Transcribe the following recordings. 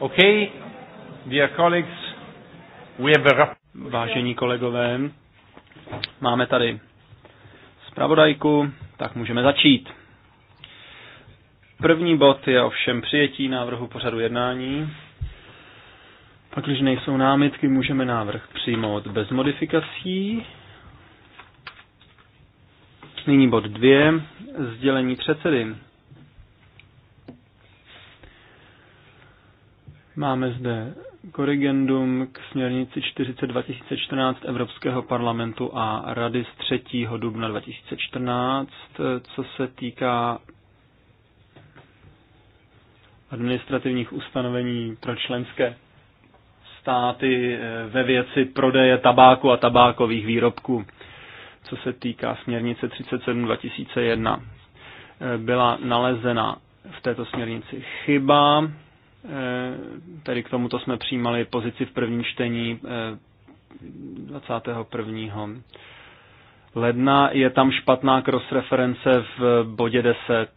Okay, dear colleagues, we have a... Vážení kolegové, máme tady zpravodajku, tak můžeme začít. První bod je ovšem přijetí návrhu pořadu jednání. Pak, když nejsou námitky, můžeme návrh přijmout bez modifikací. Nyní bod dvě, sdělení předsedy. Máme zde korrigendum k směrnici 40 2014 Evropského parlamentu a Rady z 3. dubna 2014, co se týká administrativních ustanovení pro členské státy eh, ve věci prodeje tabáku a tabákových výrobků, co se týká směrnice 37 2001. Eh, byla nalezena v této směrnici chyba, Eh, Tedy k tomuto jsme přijímali pozici v prvním čtení 21. Eh, ledna. Je tam špatná cross-reference v bodě 10.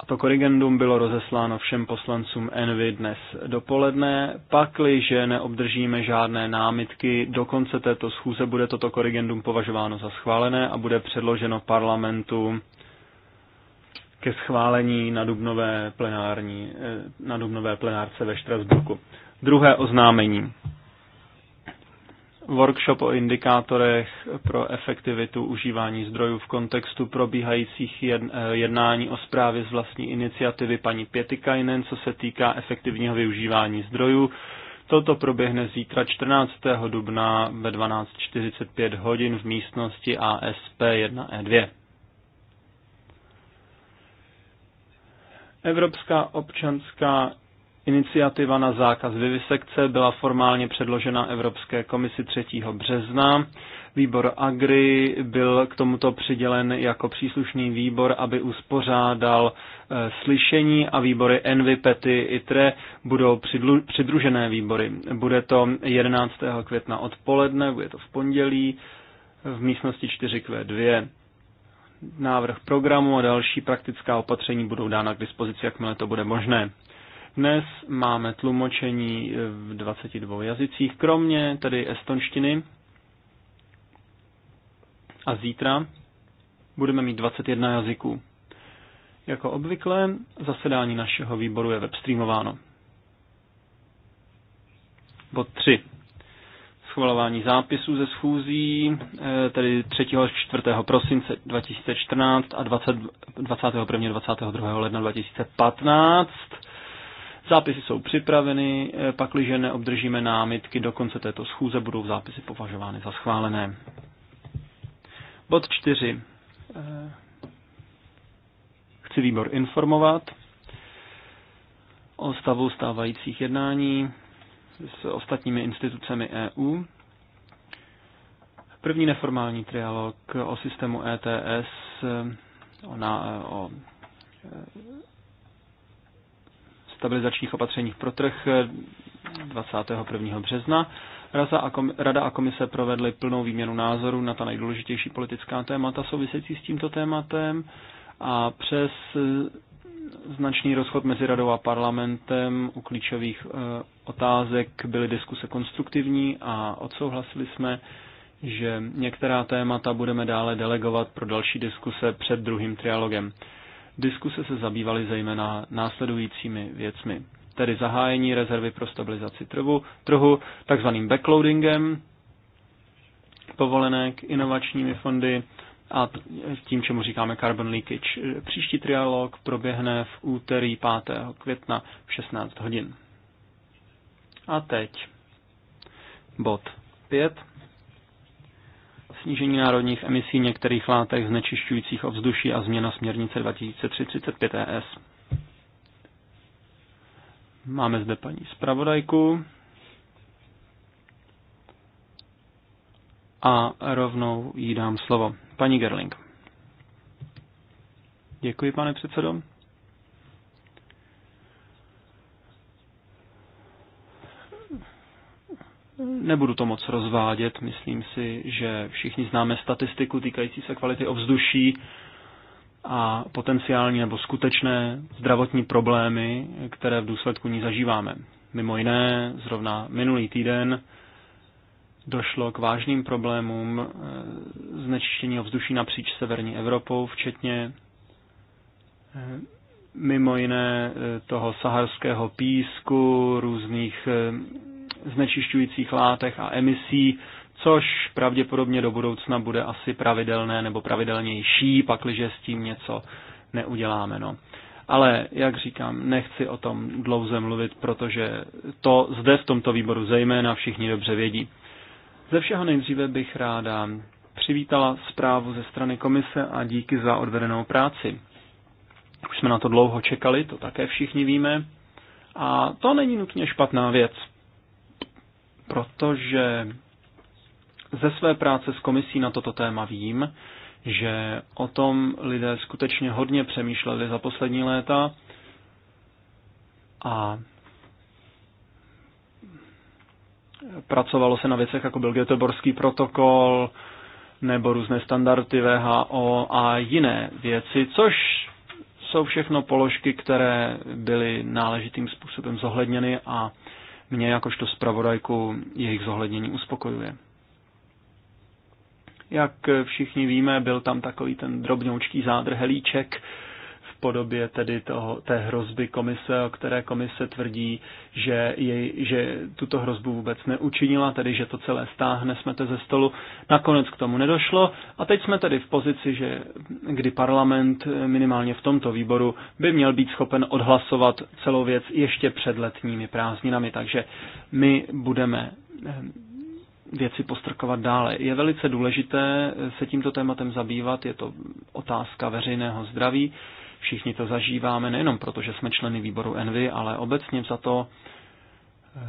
A to korrigendum bylo rozesláno všem poslancům Envy dnes dopoledne. Pakliže neobdržíme žádné námitky, do konce této schůze bude toto korrigendum považováno za schválené a bude předloženo parlamentu ke schválení na dubnové, plenární, eh, na dubnové plenárce ve Štrasburku. Druhé oznámení. Workshop o indikátorech pro efektivitu užívání zdrojů v kontextu probíhajících eh, jednání o zprávě z vlastní iniciativy paní Pětikajnen, co se týká efektivního využívání zdrojů. Toto proběhne zítra 14. dubna ve 12.45 hodin v místnosti ASP 1E2. Evropská občanská iniciativa na zákaz vivisekce byla formálně předložena Evropské komisi 3. března. Výbor Agri byl k tomuto přidělen jako příslušný výbor, aby uspořádal eh, slyšení a výbory Envy, Pety, ITRE budou přidružené výbory. Bude to 11. května odpoledne, bude to v pondělí v místnosti 4Q2 návrh programu a další praktická opatření budou dána k dispozici, jakmile to bude možné. Dnes máme tlumočení v 22 jazycích, kromě tedy estonštiny. A zítra budeme mít 21 jazyků. Jako obvykle, zasedání našeho výboru je webstreamováno. Bod 3 schvalování zápisů ze schůzí, eh, tedy 3. a 4. prosince 2014 a 20, 21. 22. ledna 2015. Zápisy jsou připraveny, eh, pakliže neobdržíme námitky do konce této schůze, budou zápisy považovány za schválené. Bod 4. Eh, chci výbor informovat o stavu stávajících jednání s ostatními institucemi EU. První neformální trialog o systému ETS, eh, eh, o, na, eh, o stabilizačních opatřeních pro trh 21. března. Rada a komise provedly plnou výměnu názorů na ta nejdůležitější politická témata související s tímto tématem a přes značný rozchod mezi radou a parlamentem u klíčových otázek byly diskuse konstruktivní a odsouhlasili jsme, že některá témata budeme dále delegovat pro další diskuse před druhým trialogem. Diskuse se zabývaly zejména následujícími věcmi, tedy zahájení rezervy pro stabilizaci trhu, trhu takzvaným backloadingem povolenek, inovačními fondy a tím, čemu říkáme carbon leakage. Příští trialog proběhne v úterý 5. května v 16 hodin. A teď bod 5. Snížení národních emisí některých látek znečišťujících ovzduší a změna směrnice 2035 ES. Máme zde paní zpravodajku. A rovnou jí dám slovo. Paní Gerling. Děkuji, pane předsedo. Nebudu to moc rozvádět, myslím si, že všichni známe statistiku týkající se kvality ovzduší a potenciální nebo skutečné zdravotní problémy, které v důsledku ní zažíváme. Mimo jiné, zrovna minulý týden došlo k vážným problémům eh, znečištění ovzduší napříč severní Evropou, včetně eh, mimo jiné eh, toho saharského písku, různých znečišťujících látek a emisí, což pravděpodobně do budoucna bude asi pravidelné nebo pravidelnější, pakliže s tím něco neuděláme. No. Ale, jak říkám, nechci o tom dlouze mluvit, protože to zde v tomto výboru zejména všichni dobře vědí. Ze všeho nejdříve bych ráda přivítala zprávu ze strany komise a díky za odvedenou práci. Už jsme na to dlouho čekali, to také všichni víme. A to není nutně špatná věc protože ze své práce s komisí na toto téma vím, že o tom lidé skutečně hodně přemýšleli za poslední léta a pracovalo se na věcech, jako byl Göteborský protokol nebo různé standardy VHO a jiné věci, což jsou všechno položky, které byly náležitým způsobem zohledněny a mě jakožto zpravodajku jejich zohlednění uspokojuje. Jak všichni víme, byl tam takový ten drobňoučký zádrhelíček, podobě tedy toho, té hrozby komise, o které komise tvrdí, že, jej, že tuto hrozbu vůbec neučinila, tedy že to celé stáhne, smete ze stolu. Nakonec k tomu nedošlo a teď jsme tedy v pozici, že kdy parlament eh, minimálně v tomto výboru by měl být schopen odhlasovat celou věc ještě před letními prázdninami, takže my budeme eh, věci postrkovat dále. Je velice důležité eh, se tímto tématem zabývat, je to otázka veřejného zdraví. Všichni to zažíváme nejenom proto, že jsme členy výboru Envy, ale obecně za to eh,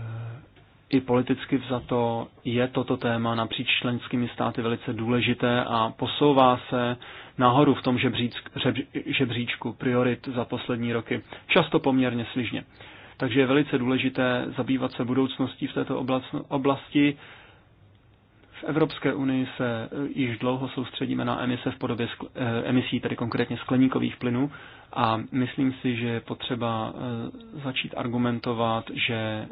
i politicky za to je toto téma napříč členskými státy velice důležité a posouvá se nahoru v tom žebříčku priorit za poslední roky, často poměrně sližně. Takže je velice důležité zabývat se budoucností v této oblasti, v Evropské unii se eh, již dlouho soustředíme na emise v podobě eh, emisí, tedy konkrétně skleníkových plynů, a myslím si, že je potřeba eh, začít argumentovat, že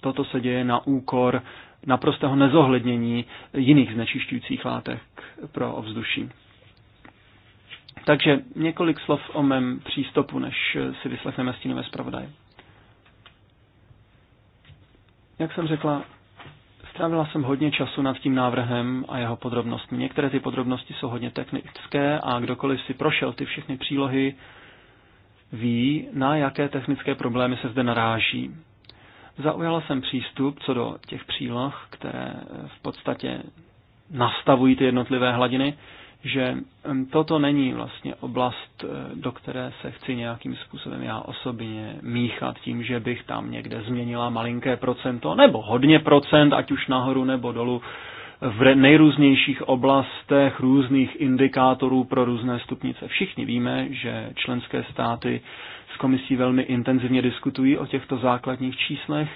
toto se děje na úkor naprostého nezohlednění jiných znečišťujících látek pro ovzduší. Takže několik slov o mém přístupu, než si vyslechneme stínové zpravodaje. Jak jsem řekla, Strávila jsem hodně času nad tím návrhem a jeho podrobnostmi. Některé ty podrobnosti jsou hodně technické a kdokoliv si prošel ty všechny přílohy, ví, na jaké technické problémy se zde naráží. Zaujala jsem přístup co do těch příloh, které v podstatě nastavují ty jednotlivé hladiny, že toto není vlastně oblast, eh, do které se chci nějakým způsobem já osobně míchat tím, že bych tam někde změnila malinké procento nebo hodně procent, ať už nahoru nebo dolů v nejrůznějších oblastech různých indikátorů pro různé stupnice. Všichni víme, že členské státy s komisí velmi intenzivně diskutují o těchto základních číslech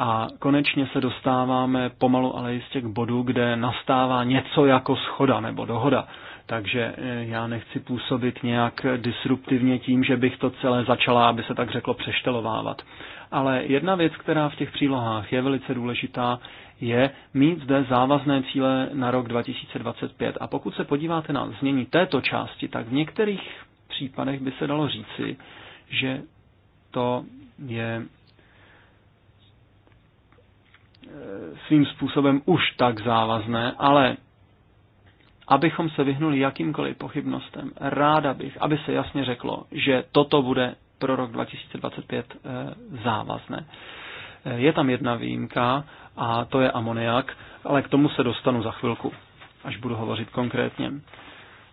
a konečně se dostáváme pomalu ale jistě k bodu, kde nastává něco jako schoda nebo dohoda. Takže eh, já nechci působit nějak disruptivně tím, že bych to celé začala, aby se tak řeklo, přeštelovávat. Ale jedna věc, která v těch přílohách je velice důležitá, je mít zde závazné cíle na rok 2025. A pokud se podíváte na změní této části, tak v některých případech by se dalo říci, že to je svým způsobem už tak závazné, ale abychom se vyhnuli jakýmkoliv pochybnostem, ráda bych, aby se jasně řeklo, že toto bude pro rok 2025 eh, závazné. Eh, je tam jedna výjimka a to je amoniak, ale k tomu se dostanu za chvilku, až budu hovořit konkrétně.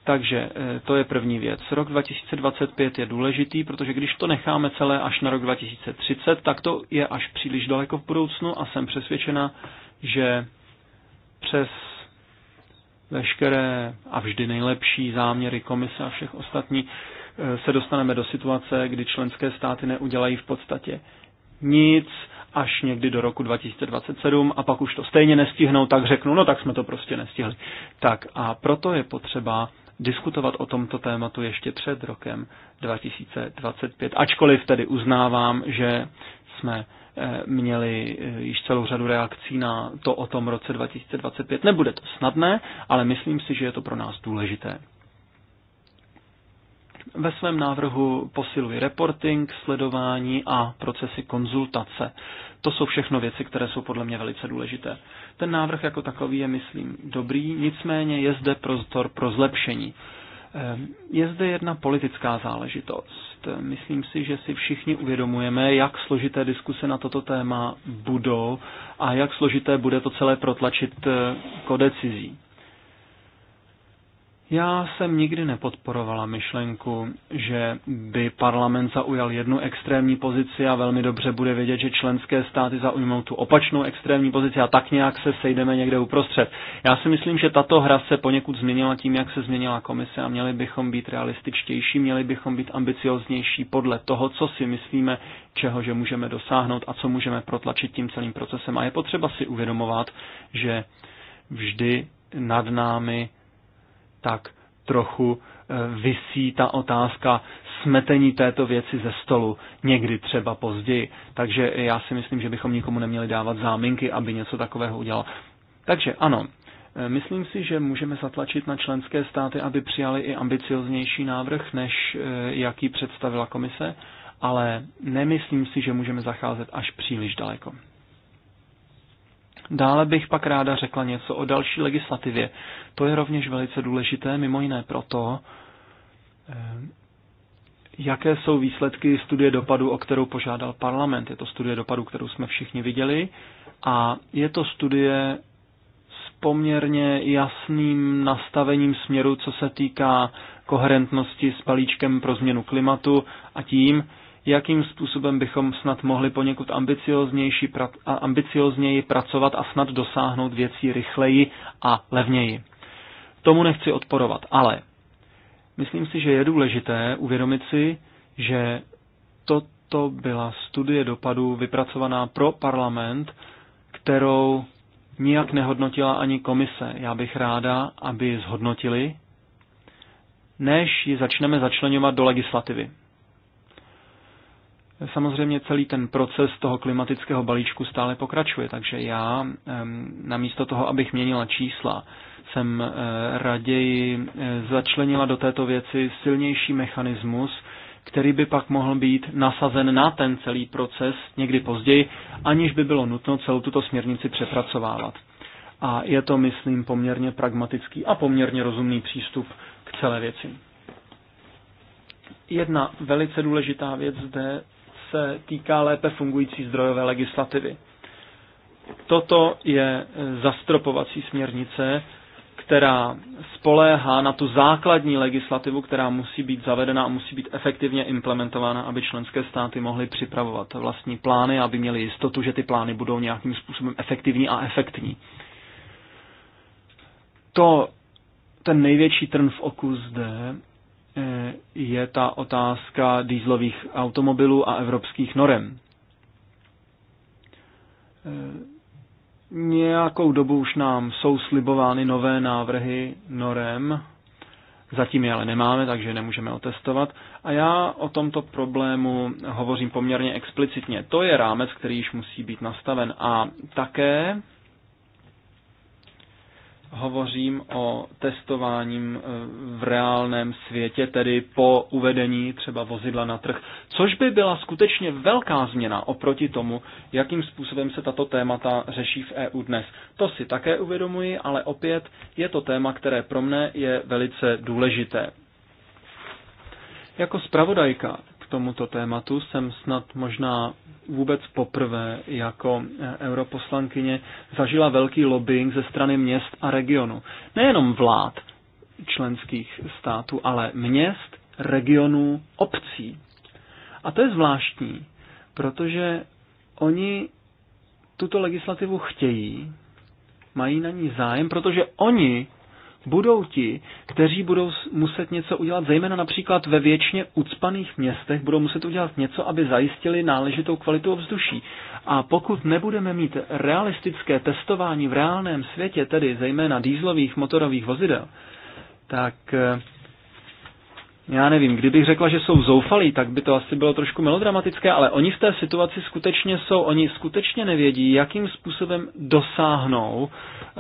Takže eh, to je první věc. Rok 2025 je důležitý, protože když to necháme celé až na rok 2030, tak to je až příliš daleko v budoucnu a jsem přesvědčena, že přes veškeré a vždy nejlepší záměry komise a všech ostatní eh, se dostaneme do situace, kdy členské státy neudělají v podstatě nic až někdy do roku 2027 a pak už to stejně nestihnou, tak řeknu, no tak jsme to prostě nestihli. Tak a proto je potřeba diskutovat o tomto tématu ještě před rokem 2025. Ačkoliv tedy uznávám, že jsme eh, měli eh, již celou řadu reakcí na to o tom roce 2025. Nebude to snadné, ale myslím si, že je to pro nás důležité. Ve svém návrhu posiluji reporting, sledování a procesy konzultace. To jsou všechno věci, které jsou podle mě velice důležité. Ten návrh jako takový je, myslím, dobrý, nicméně je zde prostor pro zlepšení. Ehm, je zde jedna politická záležitost. Myslím si, že si všichni uvědomujeme, jak složité diskuse na toto téma budou a jak složité bude to celé protlačit eh, kodecizí. Já jsem nikdy nepodporovala myšlenku, že by parlament zaujal jednu extrémní pozici a velmi dobře bude vědět, že členské státy zaujmou tu opačnou extrémní pozici a tak nějak se sejdeme někde uprostřed. Já si myslím, že tato hra se poněkud změnila tím, jak se změnila komise a měli bychom být realističtější, měli bychom být ambicioznější podle toho, co si myslíme, čeho že můžeme dosáhnout a co můžeme protlačit tím celým procesem. A je potřeba si uvědomovat, že vždy nad námi tak trochu eh, vysí ta otázka smetení této věci ze stolu, někdy třeba později. Takže já si myslím, že bychom nikomu neměli dávat záminky, aby něco takového udělal. Takže ano, eh, myslím si, že můžeme zatlačit na členské státy, aby přijali i ambicioznější návrh, než eh, jaký představila komise, ale nemyslím si, že můžeme zacházet až příliš daleko. Dále bych pak ráda řekla něco o další legislativě. To je rovněž velice důležité, mimo jiné proto, eh, jaké jsou výsledky studie dopadu, o kterou požádal parlament. Je to studie dopadu, kterou jsme všichni viděli a je to studie s poměrně jasným nastavením směru, co se týká koherentnosti s balíčkem pro změnu klimatu a tím, jakým způsobem bychom snad mohli poněkud ambicioznější, ambiciozněji pracovat a snad dosáhnout věcí rychleji a levněji. Tomu nechci odporovat, ale myslím si, že je důležité uvědomit si, že toto byla studie dopadu vypracovaná pro parlament, kterou nijak nehodnotila ani komise. Já bych ráda, aby zhodnotili, než ji začneme začlenovat do legislativy. Samozřejmě celý ten proces toho klimatického balíčku stále pokračuje, takže já namísto toho, abych měnila čísla, jsem eh, raději eh, začlenila do této věci silnější mechanismus, který by pak mohl být nasazen na ten celý proces někdy později, aniž by bylo nutno celou tuto směrnici přepracovávat. A je to, myslím, poměrně pragmatický a poměrně rozumný přístup k celé věci. Jedna velice důležitá věc zde se týká lépe fungující zdrojové legislativy. Toto je e, zastropovací směrnice, která spoléhá na tu základní legislativu, která musí být zavedena a musí být efektivně implementována, aby členské státy mohly připravovat vlastní plány, aby měly jistotu, že ty plány budou nějakým způsobem efektivní a efektní. To ten největší trn v oku zde Eh, je ta otázka dýzlových automobilů a evropských norem. Eh, nějakou dobu už nám jsou slibovány nové návrhy norem, zatím je ale nemáme, takže nemůžeme otestovat. A já o tomto problému hovořím poměrně explicitně. To je rámec, který již musí být nastaven. A také hovořím o testováním eh, v reálném světě, tedy po uvedení třeba vozidla na trh, což by byla skutečně velká změna oproti tomu, jakým způsobem se tato témata řeší v EU dnes. To si také uvědomuji, ale opět je to téma, které pro mne je velice důležité. Jako zpravodajka k tomuto tématu. Jsem snad možná vůbec poprvé jako eh, europoslankyně zažila velký lobbying ze strany měst a regionu. Nejenom vlád členských států, ale měst, regionů, obcí. A to je zvláštní, protože oni tuto legislativu chtějí, mají na ní zájem, protože oni budou ti, kteří budou muset něco udělat, zejména například ve věčně ucpaných městech, budou muset udělat něco, aby zajistili náležitou kvalitu ovzduší. A pokud nebudeme mít realistické testování v reálném světě, tedy zejména dýzlových motorových vozidel, tak eh, já nevím, kdybych řekla, že jsou zoufalí, tak by to asi bylo trošku melodramatické, ale oni v té situaci skutečně jsou, oni skutečně nevědí, jakým způsobem dosáhnou e,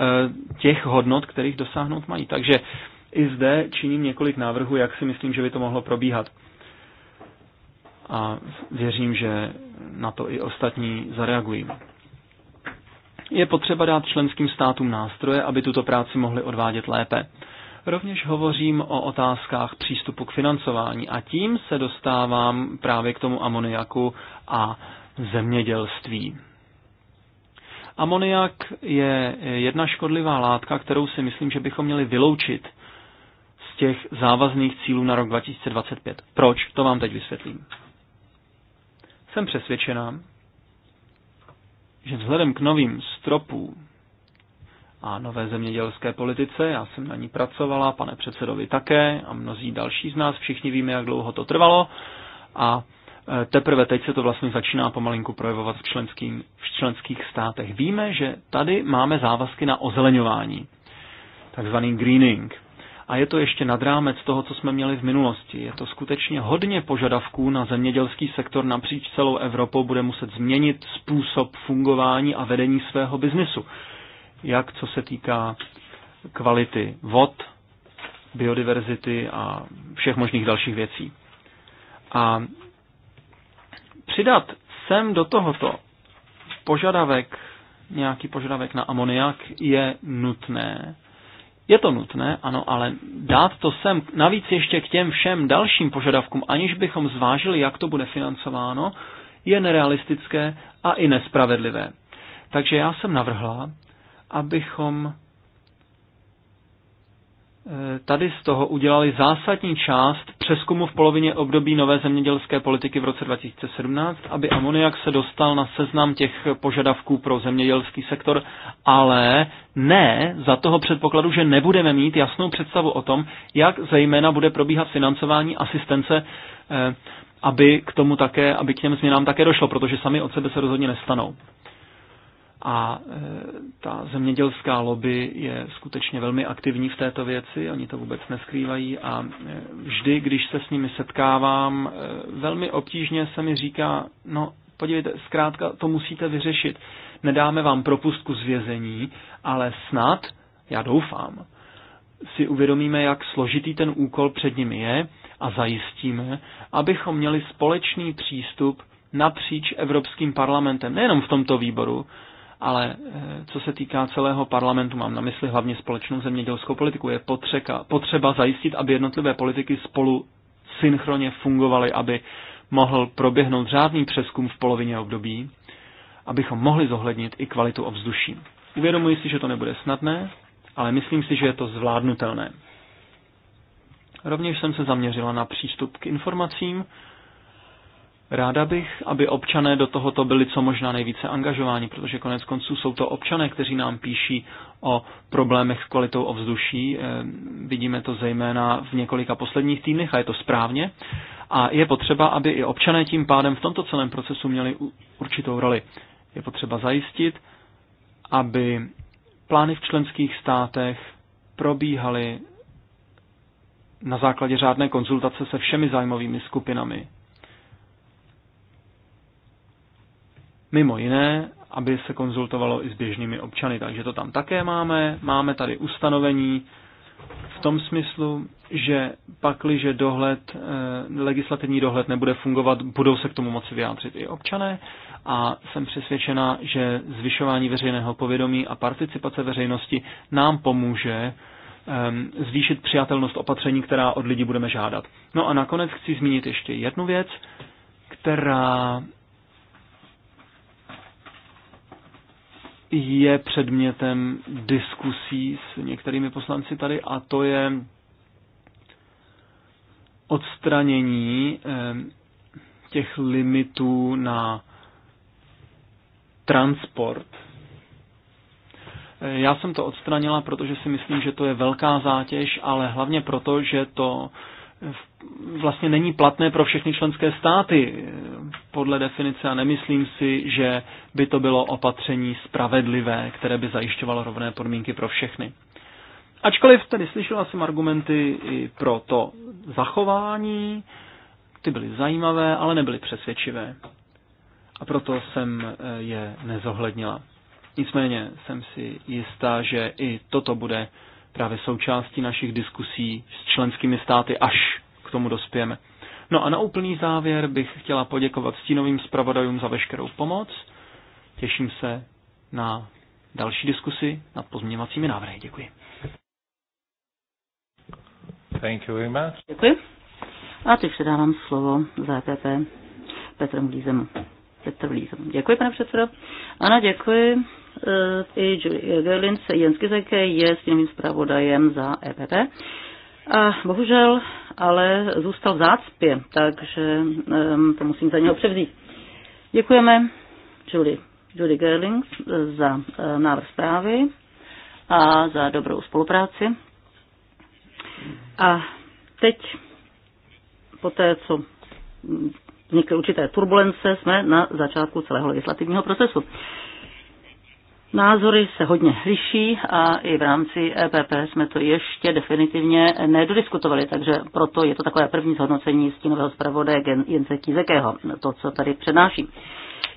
těch hodnot, kterých dosáhnout mají. Takže i zde činím několik návrhů, jak si myslím, že by to mohlo probíhat. A věřím, že na to i ostatní zareagují. Je potřeba dát členským státům nástroje, aby tuto práci mohli odvádět lépe. Rovněž hovořím o otázkách přístupu k financování a tím se dostávám právě k tomu amoniaku a zemědělství. Amoniak je jedna škodlivá látka, kterou si myslím, že bychom měli vyloučit z těch závazných cílů na rok 2025. Proč? To vám teď vysvětlím. Jsem přesvědčená, že vzhledem k novým stropům a nové zemědělské politice. Já jsem na ní pracovala, pane předsedovi také a mnozí další z nás. Všichni víme, jak dlouho to trvalo a e, teprve teď se to vlastně začíná pomalinku projevovat v, členským, v členských státech. Víme, že tady máme závazky na ozeleňování, takzvaný greening. A je to ještě nad rámec toho, co jsme měli v minulosti. Je to skutečně hodně požadavků na zemědělský sektor napříč celou Evropou, bude muset změnit způsob fungování a vedení svého biznesu jak co se týká kvality vod, biodiverzity a všech možných dalších věcí. A přidat sem do tohoto požadavek, nějaký požadavek na amoniak je nutné. Je to nutné, ano, ale dát to sem navíc ještě k těm všem dalším požadavkům, aniž bychom zvážili, jak to bude financováno, je nerealistické a i nespravedlivé. Takže já jsem navrhla, abychom eh, tady z toho udělali zásadní část přeskumu v polovině období nové zemědělské politiky v roce 2017, aby amoniak se dostal na seznam těch požadavků pro zemědělský sektor, ale ne za toho předpokladu, že nebudeme mít jasnou představu o tom, jak zejména bude probíhat financování asistence, eh, aby k tomu také, aby k těm změnám také došlo, protože sami od sebe se rozhodně nestanou a e, ta zemědělská lobby je skutečně velmi aktivní v této věci, oni to vůbec neskrývají a e, vždy, když se s nimi setkávám, e, velmi obtížně se mi říká, no podívejte, zkrátka to musíte vyřešit. Nedáme vám propustku z vězení, ale snad, já doufám, si uvědomíme, jak složitý ten úkol před nimi je a zajistíme, abychom měli společný přístup napříč Evropským parlamentem, nejenom v tomto výboru, ale eh, co se týká celého parlamentu, mám na mysli hlavně společnou zemědělskou politiku, je potřeba, potřeba zajistit, aby jednotlivé politiky spolu synchronně fungovaly, aby mohl proběhnout řádný přeskum v polovině období, abychom mohli zohlednit i kvalitu ovzduší. Uvědomuji si, že to nebude snadné, ale myslím si, že je to zvládnutelné. Rovněž jsem se zaměřila na přístup k informacím, Ráda bych, aby občané do tohoto byli co možná nejvíce angažováni, protože konec konců jsou to občané, kteří nám píší o problémech s kvalitou ovzduší. E, vidíme to zejména v několika posledních týdnech a je to správně. A je potřeba, aby i občané tím pádem v tomto celém procesu měli určitou roli. Je potřeba zajistit, aby plány v členských státech probíhaly na základě řádné konzultace se všemi zájmovými skupinami, Mimo jiné, aby se konzultovalo i s běžnými občany, takže to tam také máme. Máme tady ustanovení v tom smyslu, že pakliže dohled, eh, legislativní dohled nebude fungovat, budou se k tomu moci vyjádřit i občané a jsem přesvědčena, že zvyšování veřejného povědomí a participace veřejnosti nám pomůže ehm, zvýšit přijatelnost opatření, která od lidí budeme žádat. No a nakonec chci zmínit ještě jednu věc, která je předmětem diskusí s některými poslanci tady a to je odstranění eh, těch limitů na transport. Eh, já jsem to odstranila, protože si myslím, že to je velká zátěž, ale hlavně proto, že to vlastně není platné pro všechny členské státy eh, podle definice a nemyslím si, že by to bylo opatření spravedlivé, které by zajišťovalo rovné podmínky pro všechny. Ačkoliv tady slyšela jsem argumenty i pro to zachování, ty byly zajímavé, ale nebyly přesvědčivé. A proto jsem eh, je nezohlednila. Nicméně jsem si jistá, že i toto bude právě součástí našich diskusí s členskými státy, až k tomu dospějeme. No a na úplný závěr bych chtěla poděkovat stínovým zpravodajům za veškerou pomoc. Těším se na další diskusy nad pozměňovacími návrhy. Děkuji. Thank you very much. Děkuji. A teď předávám slovo EPP Petrem Lízemu. Petr Lízemu. Děkuji, pane předsedo. Ano, děkuji. Eh, i Julie Gerlin se Jens Kizeke je sněmovým zpravodajem za EPP. A bohužel ale zůstal v zácpě, takže ehm, to musím za něho převzít. Děkujeme Julie, Julie Gerling za eh, návrh zprávy a za dobrou spolupráci. A teď, po té, co vznikly určité turbulence, jsme na začátku celého legislativního procesu. Názory se hodně liší a i v rámci EPP jsme to ještě definitivně nedodiskutovali, takže proto je to takové první zhodnocení stínového zpravodaje Jence Kizekého, to, co tady přednáší.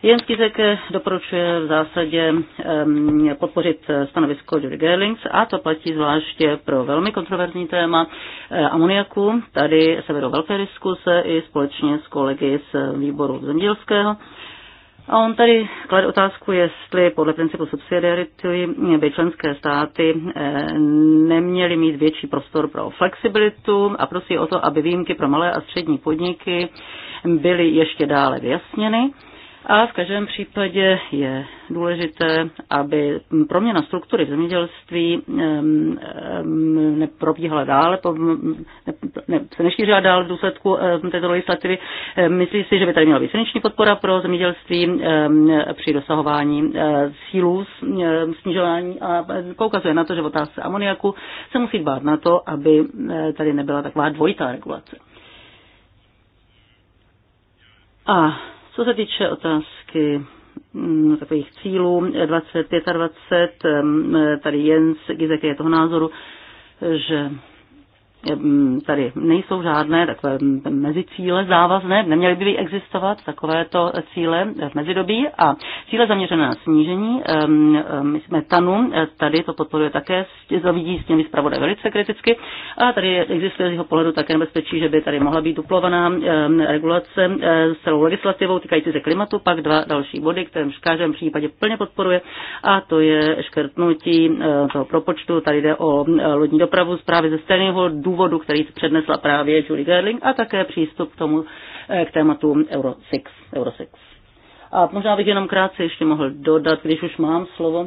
Jens Kizek doporučuje v zásadě um, podpořit stanovisko Judy Gerlings a to platí zvláště pro velmi kontroverzní téma e, amoniaku. Tady se vedou velké diskuse i společně s kolegy z výboru zemědělského. A on tady klade otázku, jestli podle principu subsidiarity by členské státy eh, neměly mít větší prostor pro flexibilitu a prosí o to, aby výjimky pro malé a střední podniky byly ještě dále vyjasněny a v každém případě je důležité, aby proměna struktury v zemědělství neprobíhala dále, ne, se nešířila dále v důsledku této legislativy. Myslí si, že by tady měla být finanční podpora pro zemědělství při dosahování sílů e, e, snižování a poukazuje na to, že v otázce amoniaku se musí dbát na to, aby e, tady nebyla taková dvojitá regulace. A co se týče otázky mm, takových cílů 20, 25, mm, tady Jens Gizek je toho názoru, že tady nejsou žádné takové mezicíle závazné, neměly by existovat takovéto cíle v mezidobí a cíle zaměřené na snížení metanu, e, tady to podporuje také, zavidí s těmi zpravodaj velice kriticky a tady existuje z jeho pohledu také nebezpečí, že by tady mohla být duplovaná regulace e, s celou legislativou týkající se klimatu, pak dva další body, které v každém případě plně podporuje a to je škrtnutí e, toho propočtu, tady jde o lodní dopravu zprávy ze stejného důvodu úvodu, který přednesla právě Julie Gerling a také přístup k tomu, eh, k tématu Euro 6. Euro 6. A možná bych jenom krátce ještě mohl dodat, když už mám slovo,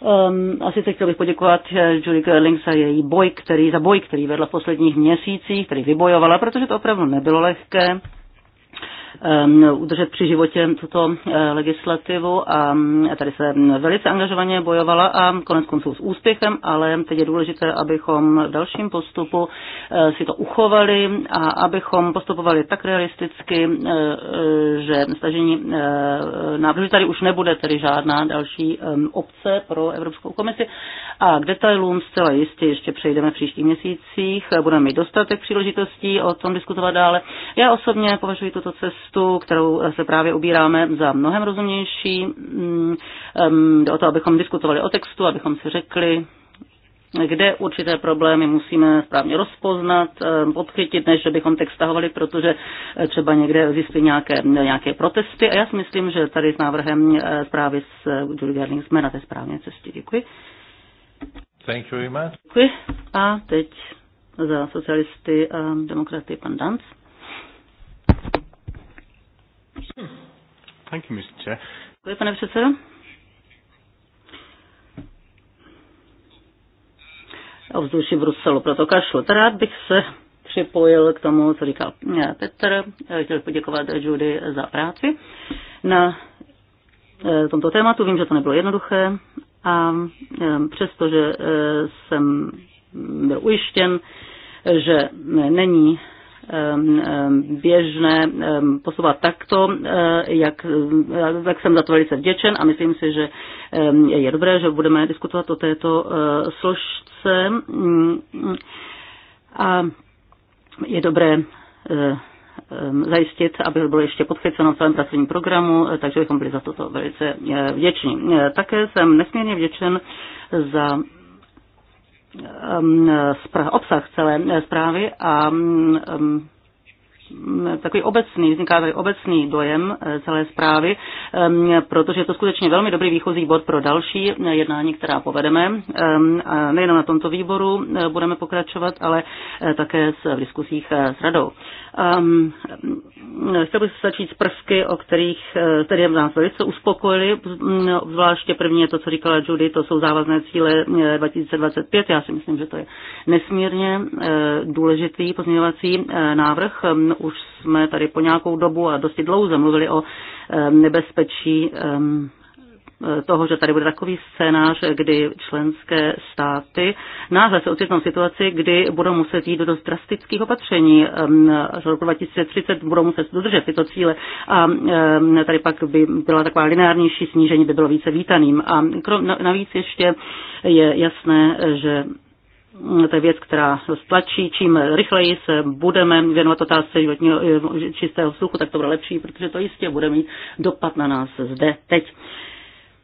Um, asi se chtěl bych poděkovat eh, Julie Gerling za její boj, který, za boj, který vedla v posledních měsících, který vybojovala, protože to opravdu nebylo lehké. Um, udržet při životě tuto uh, legislativu a um, tady se velice angažovaně bojovala a konec konců s úspěchem, ale teď je důležité, abychom v dalším postupu uh, si to uchovali a abychom postupovali tak realisticky, uh, že stažení návrhu, tady už nebude tedy žádná další um, obce pro Evropskou komisi a k detailům zcela jistě ještě přejdeme v příštích měsících, budeme mít dostatek příležitostí o tom diskutovat dále. Já osobně považuji tuto cestu, kterou se právě ubíráme, za mnohem rozumnější. Mm, mm, jde o to, abychom diskutovali o textu, abychom si řekli, kde určité problémy musíme správně rozpoznat, eh, podchytit, než bychom text stahovali, protože eh, třeba někde existují nějaké, nějaké protesty. A já si myslím, že tady s návrhem eh, zprávy s Julie Gerling jsme na té správné cestě. Děkuji. Thank you very much. Děkuji. A teď za socialisty a demokraty pan Danc. Thank you, Mr. Chair. Děkuji, pane předsedo. v Bruselu, proto kašlu. Rád bych se připojil k tomu, co říkal eh, Petr. Eh, chtěl poděkovat Judy za práci na eh, tomto tématu. Vím, že to nebylo jednoduché a přestože e, jsem byl ujištěn, že není běžné posouvat takto, e, jak, jak jsem za to velice vděčen a myslím si, že je dobré, že budeme diskutovat o této e, složce mm, mm, a je dobré Ehm, zajistit, aby bylo ještě podchyceno v celém pracovním programu, eh, takže bychom byli za toto velice eh, vděční. Eh, také jsem nesmírně vděčen za ehm, obsah celé zprávy a ehm, takový obecný, vzniká tady obecný dojem celé zprávy, protože je to skutečně velmi dobrý výchozí bod pro další jednání, která povedeme. Nejenom na tomto výboru budeme pokračovat, ale také v diskusích s radou. Um, chtěl bych začít s prvky, o kterých eh, tedy nás velice uspokojili, mm, zvláště první je to, co říkala Judy, to jsou závazné cíle 2025. Eh, Já si myslím, že to je nesmírně eh, důležitý pozměňovací návrh. Ehm, už jsme tady po nějakou dobu a dosti dlouze mluvili o nebezpečí ehm, Eh, toho, že tady bude takový scénář, kdy členské státy náhle se ocitnou v situaci, kdy budou muset jít do dost drastických opatření. Až roku 2030 budou muset dodržet tyto cíle a tady pak by byla taková lineárnější snížení, by bylo více vítaným. A navíc ještě je jasné, že mm, to je věc, která stlačí. Čím rychleji se budeme věnovat otázce životního eh, čistého vzduchu, tak to bude lepší, protože to jistě bude mít dopad na nás zde teď.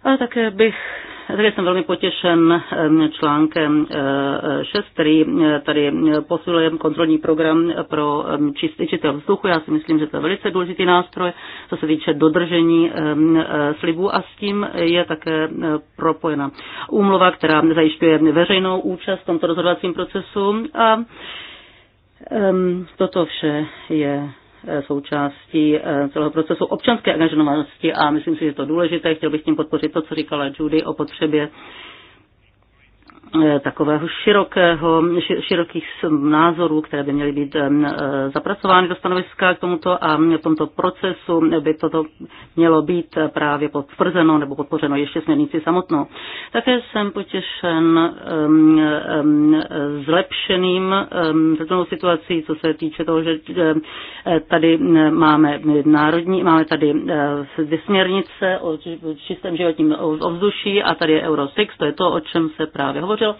A také bych také jsem velmi potěšen článkem 6, eh, který eh, tady posiluje kontrolní program pro čistého vzduchu. Já si myslím, že to je velice důležitý nástroj, co se týče dodržení eh, slibů a s tím je také propojena úmluva, která zajišťuje veřejnou účast v tomto rozhodovacím procesu. A toto vše je Eh, součástí eh, celého procesu občanské angažovanosti a myslím si, že je to důležité. Chtěl bych tím podpořit to, co říkala Judy o potřebě Eh, takového širokého, širokých názorů, které by měly být eh, zapracovány do stanoviska k tomuto a v tomto procesu by toto mělo být právě potvrzeno nebo podpořeno ještě směrnici samotnou. Také jsem potěšen zlepšeným um, situací, co se týče toho, že eh, tady máme národní, máme tady dvě směrnice o čistém životním ovzduší a tady je Euro 6, to je to, o čem se právě hovoří řešil.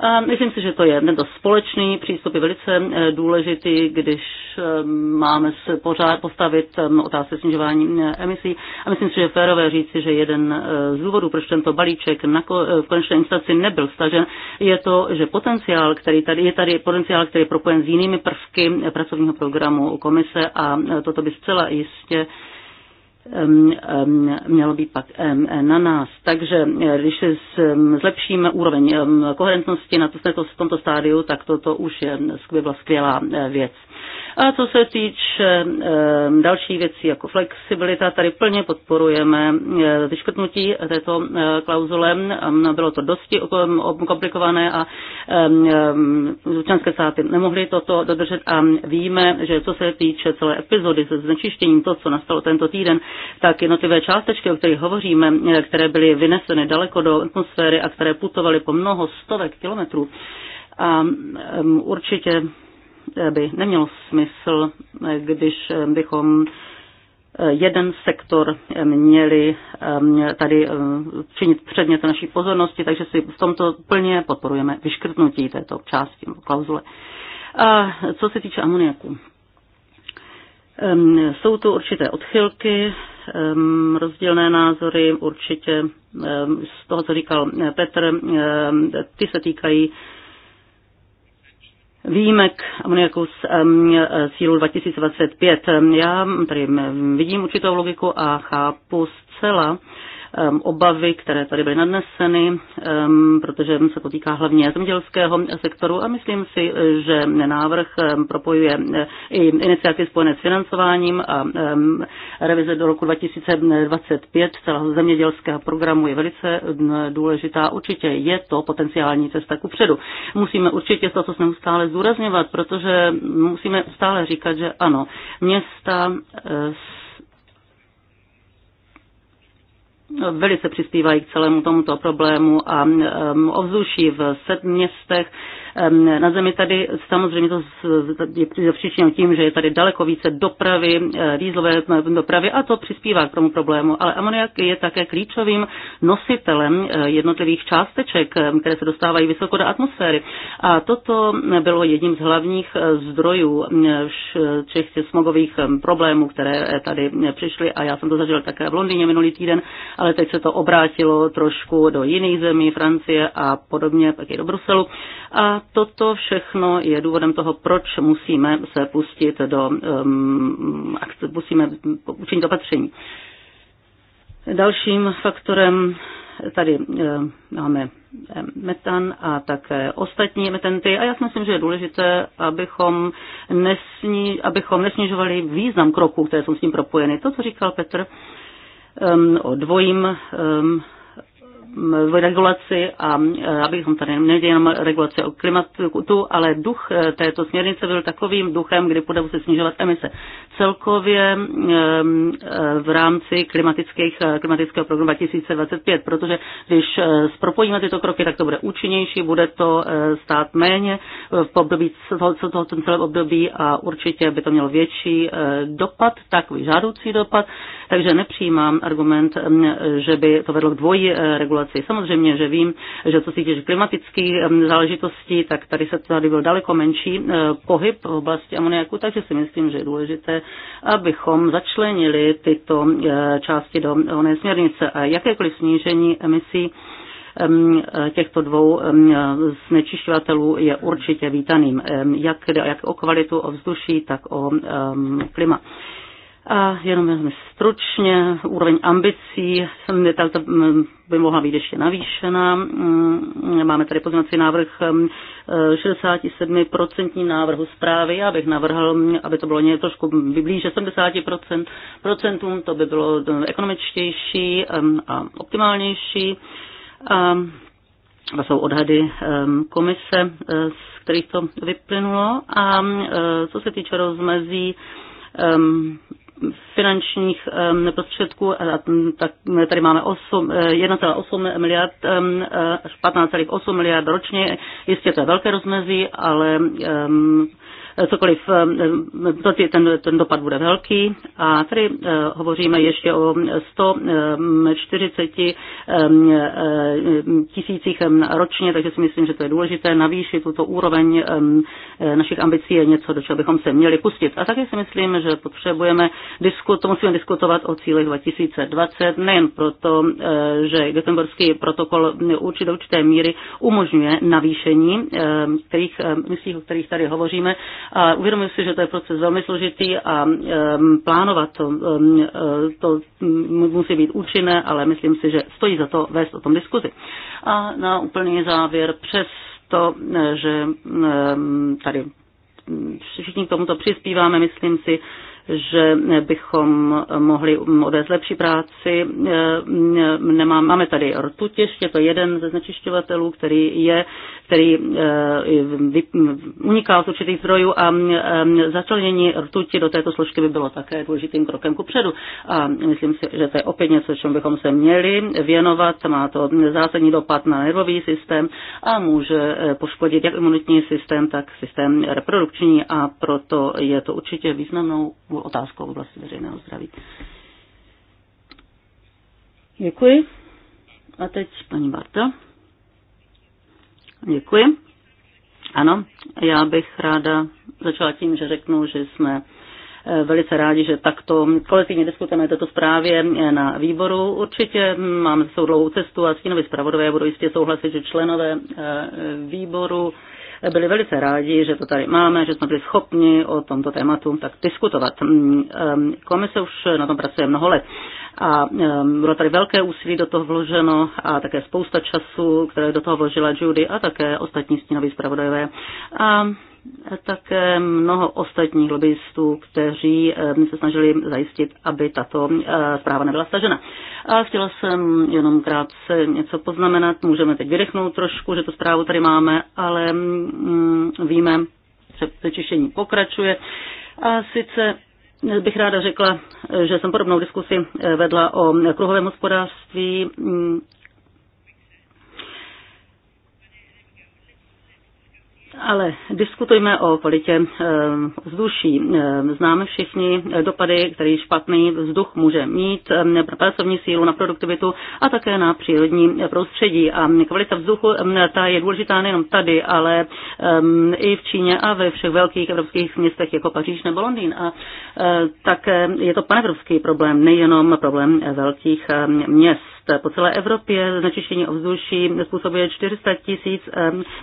A myslím si, že to je tento společný přístup je velice eh, důležitý, když eh, máme se pořád postavit eh, otázce snižování emisí. A myslím si, že je férové říci, že jeden z důvodů, proč tento balíček na, v konečné instanci nebyl stažen, je to, že potenciál, který tady je tady potenciál, který je propojen s jinými prvky pracovního programu komise a toto by zcela jistě mělo být pak na nás. Takže eh, když zlepšíme úroveň koherentnosti na tomto stádiu, tak toto už je byla skvělá eh, věc. A co se týče dalších věcí jako flexibilita, tady plně podporujeme eh, vyškrtnutí této eh, klauzule. Bylo to dosti komplikované a zúčanské státy nemohly toto dodržet a víme, že co se týče celé epizody se znečištěním, to, co nastalo tento týden, tak jednotlivé částečky, o kterých hovoříme, eh, které byly vyneseny daleko do atmosféry a které putovaly po mnoho stovek kilometrů, a um, určitě by nemělo smysl, když bychom eh, jeden sektor eh, měli eh, tady činit předmět naší pozornosti, takže si v tomto plně podporujeme vyškrtnutí této části klauzule. A co se týče amoniaku, jsou tu určité odchylky, rozdílné názory, určitě z toho, co říkal Petr, ty se týkají výjimek amoniaku z sílu 2025. Já tady vidím určitou logiku a chápu zcela, obavy, které tady byly nadneseny, protože se to týká hlavně zemědělského sektoru a myslím si, že návrh propojuje e, i iniciativy spojené s financováním a revize do roku 2025 celého zemědělského programu je velice důležitá. Určitě je to potenciální cesta ku předu. Musíme určitě to, co jsme stále zúrazněvat, protože musíme stále říkat, že ano, města e, velice přispívají k celému tomuto problému a um, ovzduší v městech na zemi tady samozřejmě to je příčinou tím, že je tady daleko více dopravy, výzlové eh, eh, dopravy a to přispívá k tomu problému. Ale amoniak je také klíčovým nositelem eh, jednotlivých částeček, které se dostávají vysoko do atmosféry. A toto bylo jedním z hlavních zdrojů všech těch smogových problémů, které tady přišly a já jsem to zažil také v Londýně minulý týden, ale teď se to obrátilo trošku do jiných zemí, Francie a podobně, pak i do Bruselu. A toto všechno je důvodem toho, proč musíme se pustit do, um, musíme učinit opatření. Dalším faktorem tady eh, máme eh, metan a také ostatní metenty. A já si myslím, že je důležité, abychom, nesni, abychom nesnižovali význam kroků, které jsou s tím propojeny. To, co říkal Petr um, o dvojím um, v regulaci a abychom tady neměli jenom regulaci o klimatu, ale duch této směrnice byl takovým duchem, kdy bude se snižovat emise. Celkově v rámci klimatických, klimatického programu 2025, protože když spropojíme tyto kroky, tak to bude účinnější, bude to stát méně v období, co toho celé období a určitě by to mělo větší dopad, takový žádoucí dopad. Takže nepřijímám argument, že by to vedlo k dvojí e, regulaci. Samozřejmě, že vím, že co se týče klimatických záležitostí, tak tady se tady byl daleko menší e, pohyb v oblasti amoniaku, takže si myslím, že je důležité, abychom začlenili tyto e, části do oné směrnice a jakékoliv snížení emisí těchto dvou znečišťovatelů je určitě vítaným, jak, jak o kvalitu ovzduší, tak o klima. A jenom stručně, úroveň ambicí ta by mohla být ještě navýšena. Mm, máme tady pozměnací návrh 67% návrhu zprávy. Já bych navrhl, aby to bylo něco trošku vyblíže 70%, procentům, to by bylo ekonomičtější a optimálnější. A to jsou odhady komise, e, z kterých to vyplynulo. A e, co se týče rozmezí finančních um, prostředků, tak my tady máme 1,8 eh, miliard um, až 15,8 miliard ročně. Jistě to je velké rozmezí, ale um, cokoliv, eh, to, ten, ten dopad bude velký. A tady eh, hovoříme ještě o 140 eh, tisících ročně, takže si myslím, že to je důležité navýšit tuto úroveň našich ambicí je něco, do čeho bychom se měli pustit. A také si myslím, že potřebujeme diskut, musíme diskutovat o cílech 2020, nejen proto, že Gothenburgský protokol určitě do určité míry umožňuje navýšení, kterých, myslích, o kterých tady hovoříme, a uvědomuji si, že to je proces velmi složitý a plánovat to, to musí být účinné, ale myslím si, že stojí za to vést o tom diskuzi. A na úplný závěr přes to, že tady všichni k tomuto přispíváme, myslím si, že bychom mohli odvést lepší práci. Nemám, máme tady rtuť je to jeden ze znečišťovatelů, který je, který eh, vy, uniká z určitých zdrojů a eh, začlenění rtuti do této složky by bylo také důležitým krokem ku předu. A myslím si, že to je opět něco, čemu bychom se měli věnovat. Má to zásadní dopad na nervový systém a může eh, poškodit jak imunitní systém, tak systém reprodukční a proto je to určitě významnou celou otázkou v oblasti veřejného zdraví. Děkuji. A teď paní Barta. Děkuji. Ano, já bych ráda začala tím, že řeknu, že jsme eh, velice rádi, že takto kolektivně diskutujeme o této zprávě eh, na výboru. Určitě hm, máme svou dlouhou cestu a stínovi zpravodové budou jistě souhlasit, že členové eh, výboru byli velice rádi, že to tady máme, že jsme byli schopni o tomto tématu tak diskutovat. Mm, ehm, komise už na tom pracuje mnoho let a ehm, bylo tady velké úsilí do toho vloženo a také spousta času, které do toho vložila Judy a také ostatní stínoví zpravodajové. A také mnoho ostatních lobbyistů, kteří eh, se snažili zajistit, aby tato eh, zpráva nebyla stažena. A chtěla jsem jenom krátce něco poznamenat. Můžeme teď vydechnout trošku, že tu zprávu tady máme, ale mm, víme, že přečištění pokračuje. A sice bych ráda řekla, že jsem podobnou diskusi eh, vedla o kruhovém hospodářství mm, Ale diskutujme o kvalitě eh, vzduší. Eh, známe všichni dopady, který špatný vzduch může mít eh, na pracovní sílu, na produktivitu a také na přírodní prostředí. A kvalita vzduchu ta je důležitá nejenom tady, ale i v Číně a ve všech velkých evropských městech jako Paříž nebo Londýn. A tak je to panevropský problém, nejenom problém velkých měst po celé Evropě. Znečištění ovzduší způsobuje 400 tisíc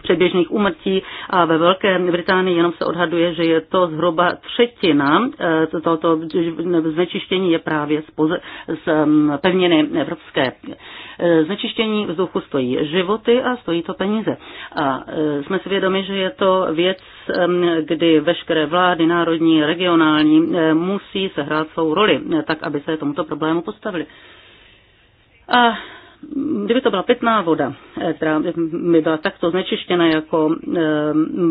předběžných úmrtí a ve Velké Británii jenom se odhaduje, že je to zhruba třetina eh, tohoto znečištění je právě z, pevněny evropské. Eh, znečištění vzduchu stojí životy a stojí to peníze. A eh, jsme si vědomi, že je to věc, kdy veškeré vlády, národní, regionální, musí sehrát svou roli, tak aby se tomuto problému postavili. A kdyby to byla pitná voda, eh, která by byla takto znečištěna jako eh,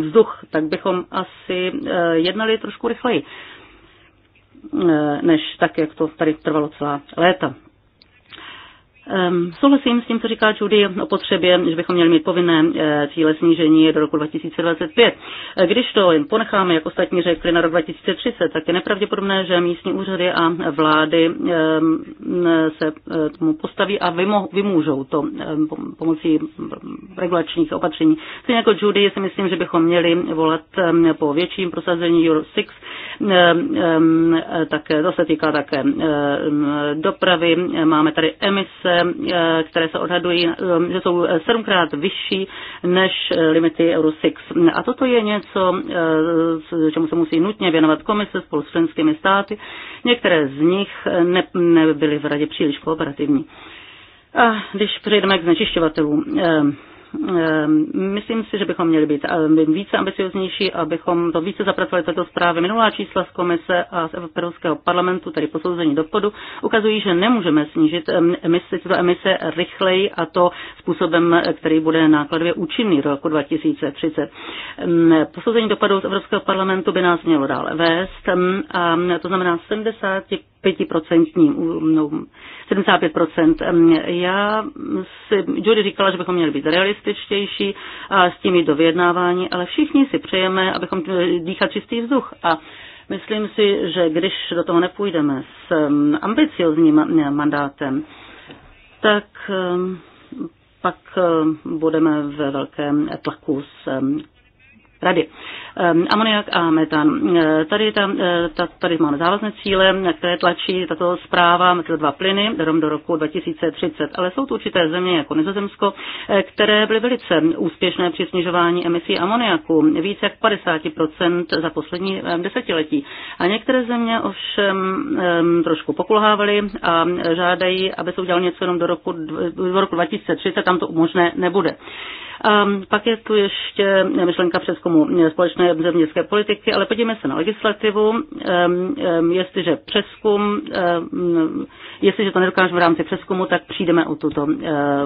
vzduch, tak bychom asi eh, jednali trošku rychleji, než tak, jak to tady trvalo celá léta. Souhlasím s tím, co říká Judy o potřebě, že bychom měli mít povinné eh, cíle snížení do roku 2025. Eh, když to jen ponecháme, jak ostatní řekli, na rok 2030, tak je nepravděpodobné, že místní úřady a vlády se eh, tomu postaví a vymůžou to pomocí mm, regulačních opatření. Stejně jako Judy si myslím, že bychom měli volat po větším prosazení Euro 6 Ehm, ehm, tak to se týká také ehm, dopravy. Máme tady emise, které se odhadují, že jsou sedmkrát vyšší než limity Euro 6. A toto je něco, čemu se musí nutně věnovat komise spolu s členskými státy. Některé z nich ne, nebyly v radě příliš kooperativní. A když přejdeme k znečišťovatelům, Ehm, myslím si, že bychom měli ehm, být více ambicioznější, abychom to více zapracovali této zprávy. Minulá čísla z komise a z Evropského parlamentu, tedy posouzení dopadu, ukazují, že nemůžeme snížit ehm, emise, tyto emise rychleji a to způsobem, který bude nákladově účinný do roku 2030. Posouzení dopadu z Evropského parlamentu by nás mělo dále vést, a to znamená 70 5%, 75%. No, já si, Judy říkala, že bychom měli být realističtější a s tím jít do vyjednávání, ale všichni si přejeme, abychom dýchat čistý vzduch a Myslím si, že když do toho nepůjdeme s ambiciozním mandátem, tak pak budeme ve velkém tlaku s rady. Ehm, Amoniak a metan. Ehm, tady, tam, eh, tady máme závazné cíle, na které tlačí tato zpráva tyto dva plyny do roku 2030, ale jsou tu určité země jako Nizozemsko, eh, které byly velice úspěšné při snižování emisí amoniaku, více jak 50% za poslední ehm, desetiletí. A některé země ovšem trošku pokulhávaly a žádají, aby se udělalo něco jenom do roku, do roku 2030, tam to možné nebude. A pak je tu ještě myšlenka přeskumu společné zemědělské politiky, ale podívejme se na legislativu. Jestliže přeskum, jestliže to nedokážeme v rámci přeskumu, tak přijdeme o tuto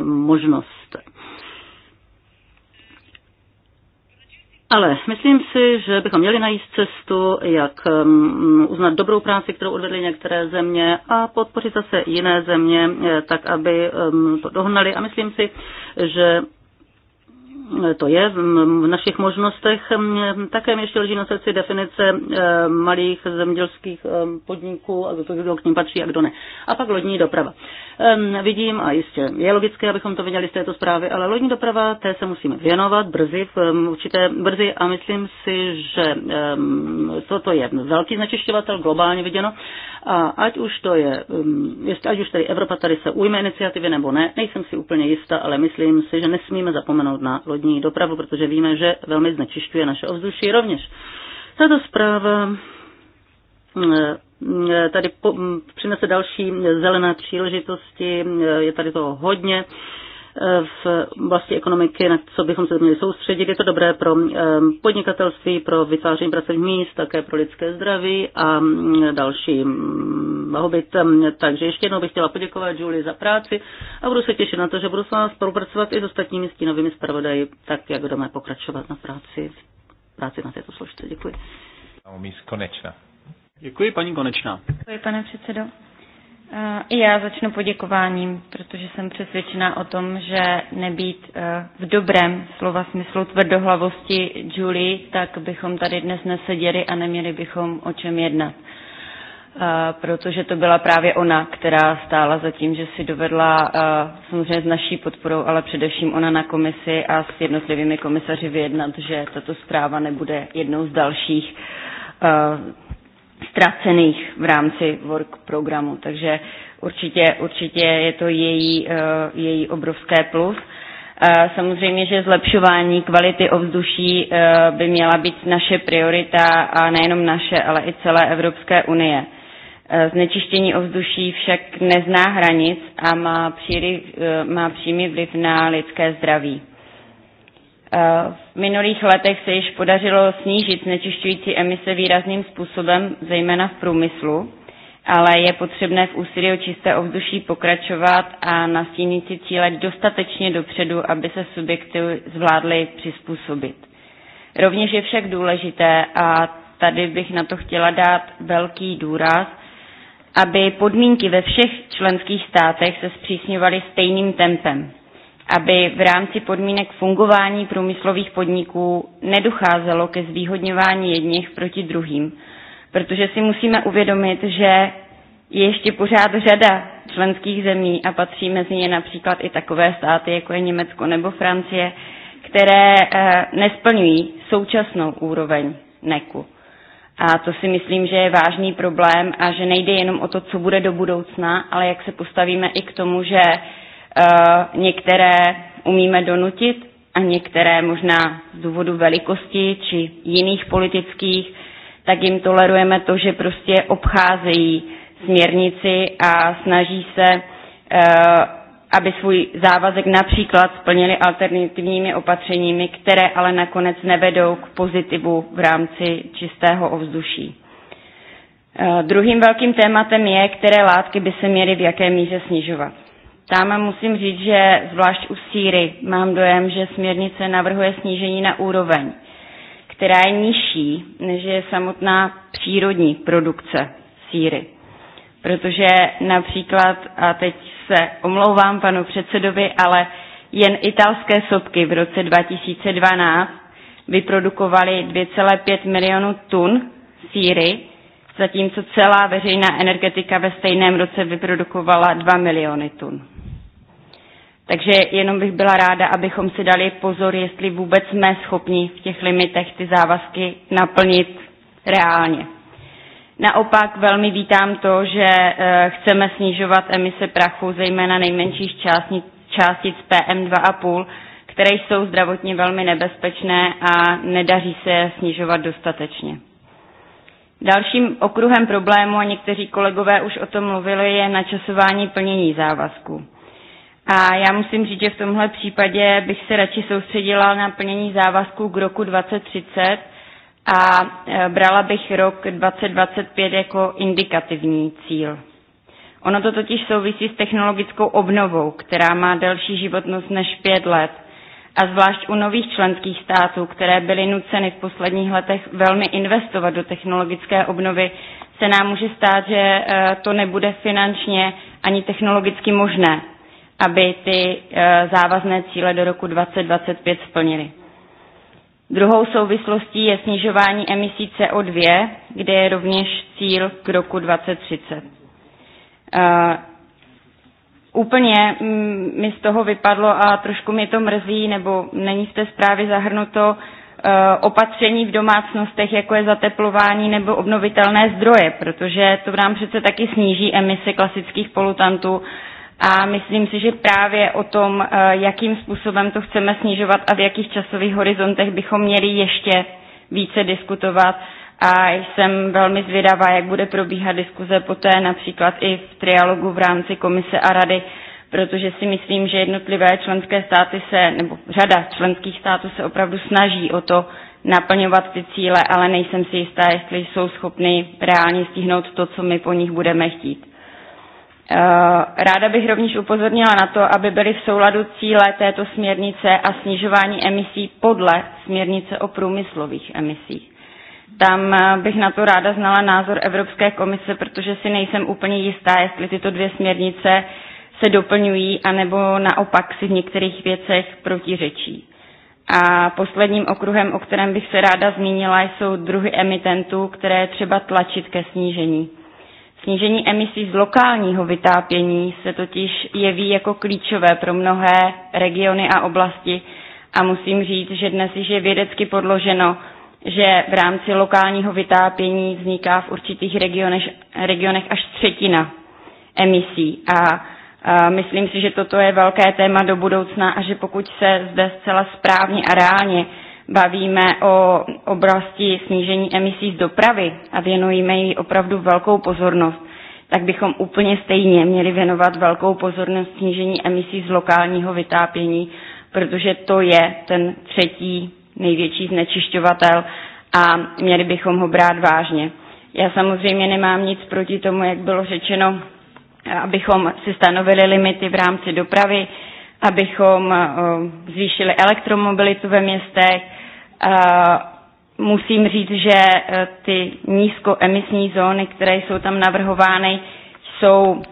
možnost. Ale myslím si, že bychom měli najít cestu, jak uznat dobrou práci, kterou odvedly některé země a podpořit zase jiné země, eh, tak aby to dohnali. A myslím si, že to je v našich možnostech. Také mi ještě leží na srdci definice e, malých zemědělských e, podniků, a kdo k ním patří a kdo ne. A pak lodní doprava. Vidím, a jistě je logické, abychom to viděli z této zprávy, ale lodní doprava, té se musíme věnovat brzy, v určité brzy a myslím si, že toto je velký znečišťovatel globálně viděno. A ať už to je, jestli ať už tady Evropa tady se ujme iniciativy nebo ne, nejsem si úplně jistá, ale myslím si, že nesmíme zapomenout na lodní lodní dopravu, protože víme, že velmi znečišťuje naše ovzduší rovněž. Tato zpráva eh, eh, tady přinese další zelené příležitosti, eh, je tady toho hodně v oblasti ekonomiky, na co bychom se měli soustředit. Je to dobré pro eh, podnikatelství, pro vytváření pracovních míst, také pro lidské zdraví a mm, další mm, blahobyt. Ehm, takže ještě jednou bych chtěla poděkovat Julie za práci a budu se těšit na to, že budu s vámi spolupracovat i s ostatními stínovými zpravodaji, tak jak budeme pokračovat na práci, práci na této složce. Děkuji. Děkuji, paní Konečná. Děkuji, pane předsedo. Eh, I já začnu poděkováním, protože jsem přesvědčena o tom, že nebýt eh, v dobrém slova smyslu tvrdohlavosti Julie, tak bychom tady dnes neseděli a neměli bychom o čem jednat. Eh, protože to byla právě ona, která stála za tím, že si dovedla samozřejmě s naší podporou, ale především ona na komisi a s jednotlivými komisaři vyjednat, že tato zpráva nebude jednou z dalších ztracených v rámci work programu. Takže určitě, určitě je to její, eh, její obrovské plus. Eh, samozřejmě, že zlepšování kvality ovzduší eh, by měla být naše priorita a nejenom naše, ale i celé Evropské unie. Znečištění ovzduší však nezná hranic a má, příry, má přímý vliv na lidské zdraví. Eh, v minulých letech se již podařilo snížit znečišťující emise výrazným způsobem, zejména v průmyslu, ale je potřebné v úsilí o čisté ovzduší pokračovat a nastínit si cíle dostatečně dopředu, aby se subjekty zvládly přizpůsobit. Rovněž je však důležité, a tady bych na to chtěla dát velký důraz, aby podmínky ve všech členských státech se zpřísňovaly stejným tempem aby v rámci podmínek fungování průmyslových podniků nedocházelo ke zvýhodňování jedních proti druhým, protože si musíme uvědomit, že je ještě pořád řada členských zemí a patří mezi ně například i takové státy, jako je Německo nebo Francie, které eh, nesplňují současnou úroveň NECu. A to si myslím, že je vážný problém a že nejde jenom o to, co bude do budoucna, ale jak se postavíme i k tomu, že Eh, některé umíme donutit a některé možná z důvodu velikosti či jiných politických, tak jim tolerujeme to, že prostě obcházejí směrnici a snaží se, eh, aby svůj závazek například splnili alternativními opatřeními, které ale nakonec nevedou k pozitivu v rámci čistého ovzduší. Eh, druhým velkým tématem je, které látky by se měly v jaké míře snižovat. Tam musím říct, že zvlášť u síry mám dojem, že směrnice navrhuje snížení na úroveň, která je nižší, než je samotná přírodní produkce síry. Protože například, a teď se omlouvám panu předsedovi, ale jen italské sopky v roce 2012 vyprodukovaly 2,5 milionu tun síry, zatímco celá veřejná energetika ve stejném roce vyprodukovala 2 miliony tun. Takže jenom bych byla ráda, abychom si dali pozor, jestli vůbec jsme schopni v těch limitech ty závazky naplnit reálně. Naopak velmi vítám to, že eh, chceme snižovat emise prachu, zejména nejmenších částic PM2,5, které jsou zdravotně velmi nebezpečné a nedaří se je snižovat dostatečně. Dalším okruhem problému, a někteří kolegové už o tom mluvili, je načasování plnění závazků. A já musím říct, že v tomhle případě bych se radši soustředila na plnění závazků k roku 2030 a e, brala bych rok 2025 jako indikativní cíl. Ono to totiž souvisí s technologickou obnovou, která má delší životnost než pět let a zvlášť u nových členských států, které byly nuceny v posledních letech velmi investovat do technologické obnovy, se nám může stát, že e, to nebude finančně ani technologicky možné aby ty eh, závazné cíle do roku 2025 splnili. Druhou souvislostí je snižování emisí CO2, kde je rovněž cíl k roku 2030. Eh, úplně mm, mi z toho vypadlo a trošku mě to mrzí, nebo není v té zprávě zahrnuto eh, opatření v domácnostech, jako je zateplování nebo obnovitelné zdroje, protože to nám přece taky sníží emise klasických polutantů a myslím si, že právě o tom, eh, jakým způsobem to chceme snižovat a v jakých časových horizontech bychom měli ještě více diskutovat. A jsem velmi zvědavá, jak bude probíhat diskuze poté například i v trialogu v rámci komise a rady, protože si myslím, že jednotlivé členské státy se, nebo řada členských států se opravdu snaží o to naplňovat ty cíle, ale nejsem si jistá, jestli jsou schopny reálně stihnout to, co my po nich budeme chtít. Eh, ráda bych rovněž upozornila na to, aby byly v souladu cíle této směrnice a snižování emisí podle směrnice o průmyslových emisích. Tam eh, bych na to ráda znala názor Evropské komise, protože si nejsem úplně jistá, jestli tyto dvě směrnice se doplňují, anebo naopak si v některých věcech protiřečí. A posledním okruhem, o kterém bych se ráda zmínila, jsou druhy emitentů, které třeba tlačit ke snížení. Snížení emisí z lokálního vytápění se totiž jeví jako klíčové pro mnohé regiony a oblasti a musím říct, že dnes již je vědecky podloženo, že v rámci lokálního vytápění vzniká v určitých regionech, regionech až třetina emisí. A, a myslím si, že toto je velké téma do budoucna a že pokud se zde zcela správně a reálně bavíme o oblasti snížení emisí z dopravy a věnujeme jí opravdu velkou pozornost, tak bychom úplně stejně měli věnovat velkou pozornost snížení emisí z lokálního vytápění, protože to je ten třetí největší znečišťovatel a měli bychom ho brát vážně. Já samozřejmě nemám nic proti tomu, jak bylo řečeno, abychom si stanovili limity v rámci dopravy, abychom eh, zvýšili elektromobilitu ve městech, Eh, musím říct, že eh, ty nízkoemisní zóny, které jsou tam navrhovány, jsou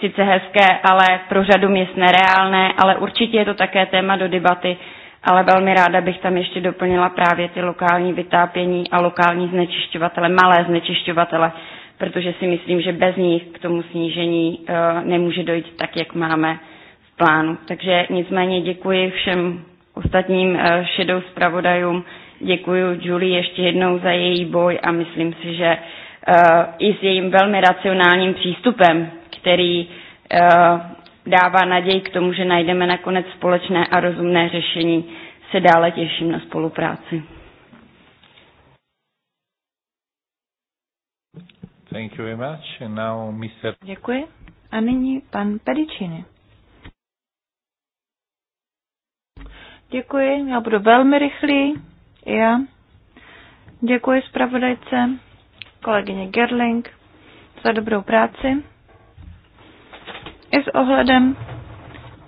sice hezké, ale pro řadu měst nereálné, ale určitě je to také téma do debaty, ale velmi ráda bych tam ještě doplnila právě ty lokální vytápění a lokální znečišťovatele, malé znečišťovatele, protože si myslím, že bez nich k tomu snížení eh, nemůže dojít tak, jak máme v plánu. Takže nicméně děkuji všem ostatním eh, šedou zpravodajům. Děkuji Julie ještě jednou za její boj a myslím si, že eh, i s jejím velmi racionálním přístupem, který eh, dává naději k tomu, že najdeme nakonec společné a rozumné řešení, se dále těším na spolupráci. Thank you very much. And now Mr. Děkuji. A nyní pan Pedicini. Děkuji, já budu velmi rychlý. Já. Děkuji zpravodajce, kolegyně Gerling, za dobrou práci. I s ohledem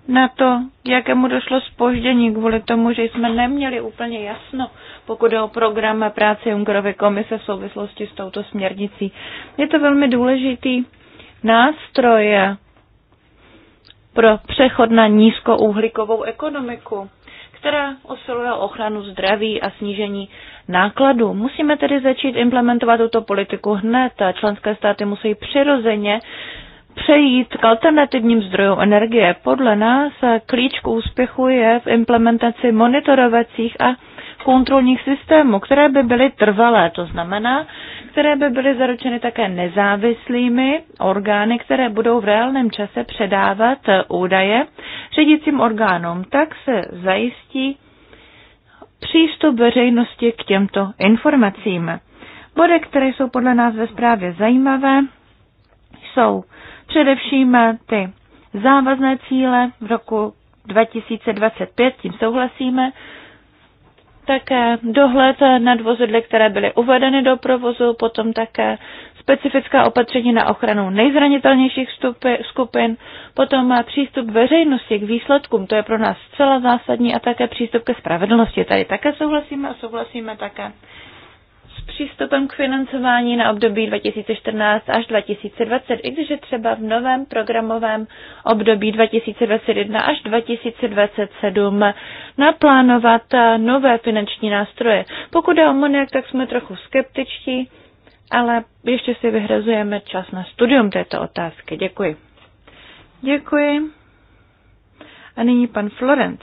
na to, k jakému došlo spoždění kvůli tomu, že jsme neměli úplně jasno, pokud je o program práce Junkerovy komise v souvislosti s touto směrnicí. Je to velmi důležitý nástroj pro přechod na nízkouhlíkovou ekonomiku která osiluje o ochranu zdraví a snížení nákladů. Musíme tedy začít implementovat tuto politiku hned a členské státy musí přirozeně přejít k alternativním zdrojům energie. Podle nás klíč k úspěchu je v implementaci monitorovacích a kontrolních systémů, které by byly trvalé, to znamená, které by byly zaručeny také nezávislými orgány, které budou v reálném čase předávat údaje řídícím orgánům. Tak se zajistí přístup veřejnosti k těmto informacím. Body, které jsou podle nás ve zprávě zajímavé, jsou především ty závazné cíle v roku 2025, tím souhlasíme, také dohled nad vozidly, které byly uvedeny do provozu, potom také specifická opatření na ochranu nejzranitelnějších stupy, skupin, potom má přístup veřejnosti k výsledkům, to je pro nás zcela zásadní, a také přístup ke spravedlnosti. Tady také souhlasíme a souhlasíme také přístupem k financování na období 2014 až 2020, i když je třeba v novém programovém období 2021 až 2027 naplánovat eh, nové finanční nástroje. Pokud je o moniak, tak jsme trochu skeptičtí, ale ještě si vyhrazujeme čas na studium této otázky. Děkuji. Děkuji. A nyní pan Florenc.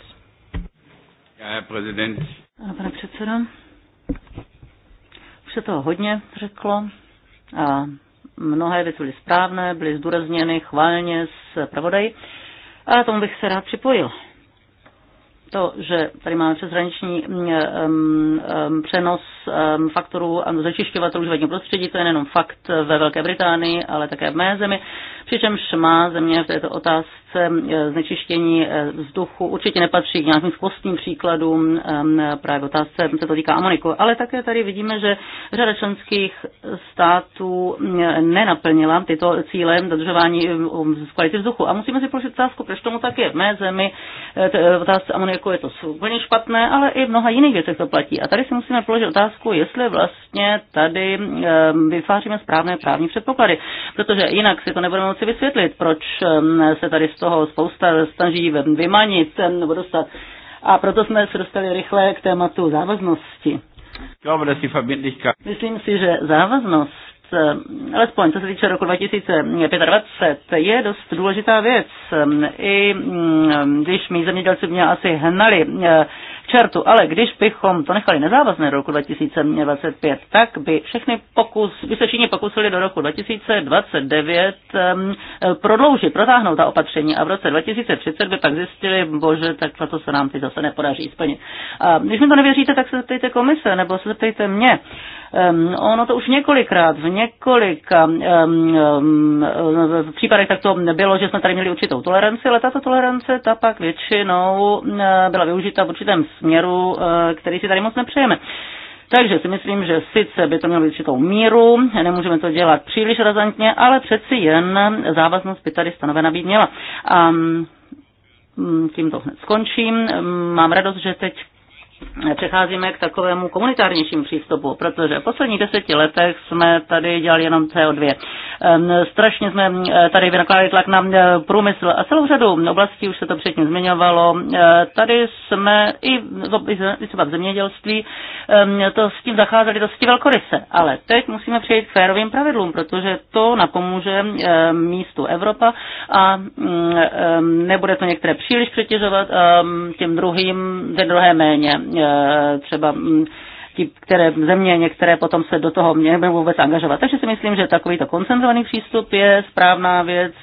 Já, prezident. Ano, pane předsedo. Už se toho hodně řeklo a mnohé věci byly správné, byly zdůrazněny chválně s pravodaj a tomu bych se rád připojil. To, že tady máme přeshraniční um, um, přenos um, faktorů a znečišťovatelů životního prostředí, to je nejenom fakt ve Velké Británii, ale také v mé zemi, přičemž má země v této otázce produkce, eh, znečištění eh, vzduchu určitě nepatří k nějakým skvostným příkladům eh, právě otázce, se to týká amoniku, ale také tady vidíme, že řada členských států nenaplnila tyto cíle dodržování um, kvality vzduchu. A musíme si položit otázku, proč tomu tak je. V mé zemi otázce amoniku je to úplně špatné, ale i v mnoha jiných věcech to platí. A tady si musíme položit otázku, jestli vlastně tady vytváříme správné právní předpoklady, protože jinak si to nebudeme moci vysvětlit, proč se tady toho spousta snaží vymanit nebo dostat. A proto jsme se dostali rychle k tématu závaznosti. Myslím si, že závaznost eh, alespoň co se týče roku 2025, je dost důležitá věc. I mm, eh, když mý zemědělci mě asi hnali eh, čertu, ale když bychom to nechali nezávazné do roku 2025, tak by, všechny pokus, by se všichni pokusili do roku 2029 um, prodloužit, protáhnout ta opatření a v roce 2030 by pak zjistili, bože, tak to se nám teď zase nepodaří splnit. A když mi to nevěříte, tak se zeptejte komise nebo se zeptejte mě. Um, ono to už několikrát, v několika um, um, v případech tak to bylo, že jsme tady měli určitou toleranci, ale tato tolerance, ta pak většinou byla využita v určitém směru, eh, který si tady moc nepřejeme. Takže si myslím, že sice by to mělo být určitou míru, nemůžeme to dělat příliš razantně, ale přeci jen závaznost by tady stanovena být měla. A mm, mm, tímto hned skončím. Mám radost, že teď přecházíme k takovému komunitárnějšímu přístupu, protože v posledních deseti letech jsme tady dělali jenom CO2. Ehm, strašně jsme eh, tady vynakládali tlak na eh, průmysl a celou řadu oblastí, už se to předtím zmiňovalo. Eh, tady jsme i třeba v zemědělství ehm, to s tím zacházeli dosti velkoryse, ale teď musíme přejít k férovým pravidlům, protože to napomůže ehm, místu Evropa a mm, nebude to některé příliš přetěžovat, těm druhým, ten druhé méně. E, třeba mm, ti, které země, některé potom se do toho nebudou vůbec angažovat. Takže si myslím, že takovýto koncentrovaný přístup je správná věc.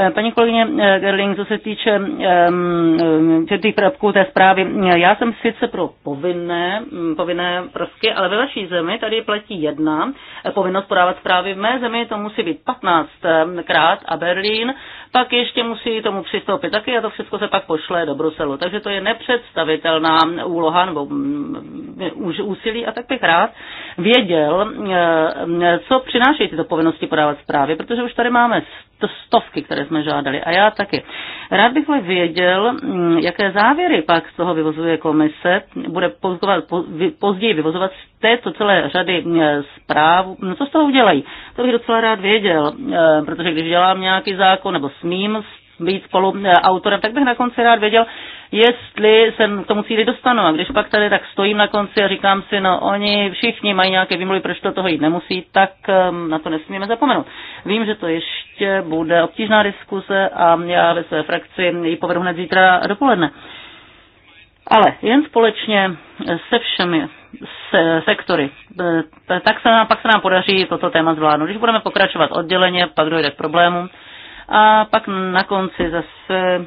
Eh, paní kolegyně eh, Gerling, co se týče těch prvků té zprávy, eh, já jsem sice pro povinné, mm, povinné prvky, ale ve vaší zemi tady platí jedna povinnost podávat zprávy. V mé zemi to musí být 15krát a Berlín pak ještě musí tomu přistoupit taky a to všechno se pak pošle do Bruselu. Takže to je nepředstavitelná úloha nebo mm, mm, už úsilí a tak bych rád věděl, co přináší tyto povinnosti podávat zprávy, protože už tady máme to stovky, které jsme žádali. A já taky. Rád bych věděl, mm, jaké závěry pak z toho vyvozuje komise, bude pozovat, později vyvozovat z této celé řady mm, zpráv. No, co z toho udělají? To bych docela rád věděl, eh, protože když dělám nějaký zákon, nebo smím být spolu eh, autorem, tak bych na konci rád věděl, jestli se k tomu cíli dostanu. A když pak tady tak stojím na konci a říkám si, no oni všichni mají nějaké výmluvy, proč to toho jít nemusí, tak ehm, na to nesmíme zapomenout. Vím, že to ještě bude obtížná diskuse a já ve své frakci ji povedu hned zítra dopoledne. Ale jen společně se všemi se, sektory, eh, tak se nám, pak se nám podaří toto téma zvládnout. Když budeme pokračovat odděleně, pak dojde k problému a pak na konci zase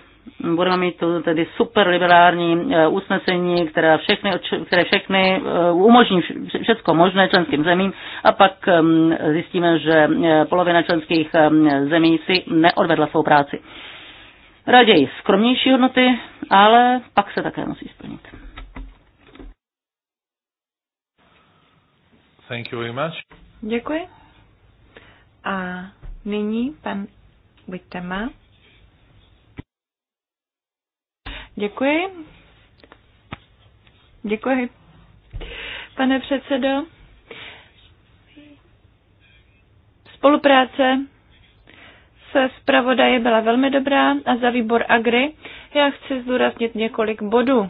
budeme mít tu tedy super liberální eh, usnesení, které všechny, které eh, všechny umožní všechno možné členským zemím a pak ehm, zjistíme, že eh, polovina členských ehm, zemí si neodvedla svou práci. Raději skromnější hodnoty, ale pak se také musí splnit. Thank you very much. Děkuji. A nyní pan Buďte má. Děkuji. Děkuji. Pane předsedo, spolupráce se zpravodaje byla velmi dobrá a za výbor Agri já chci zdůraznit několik bodů,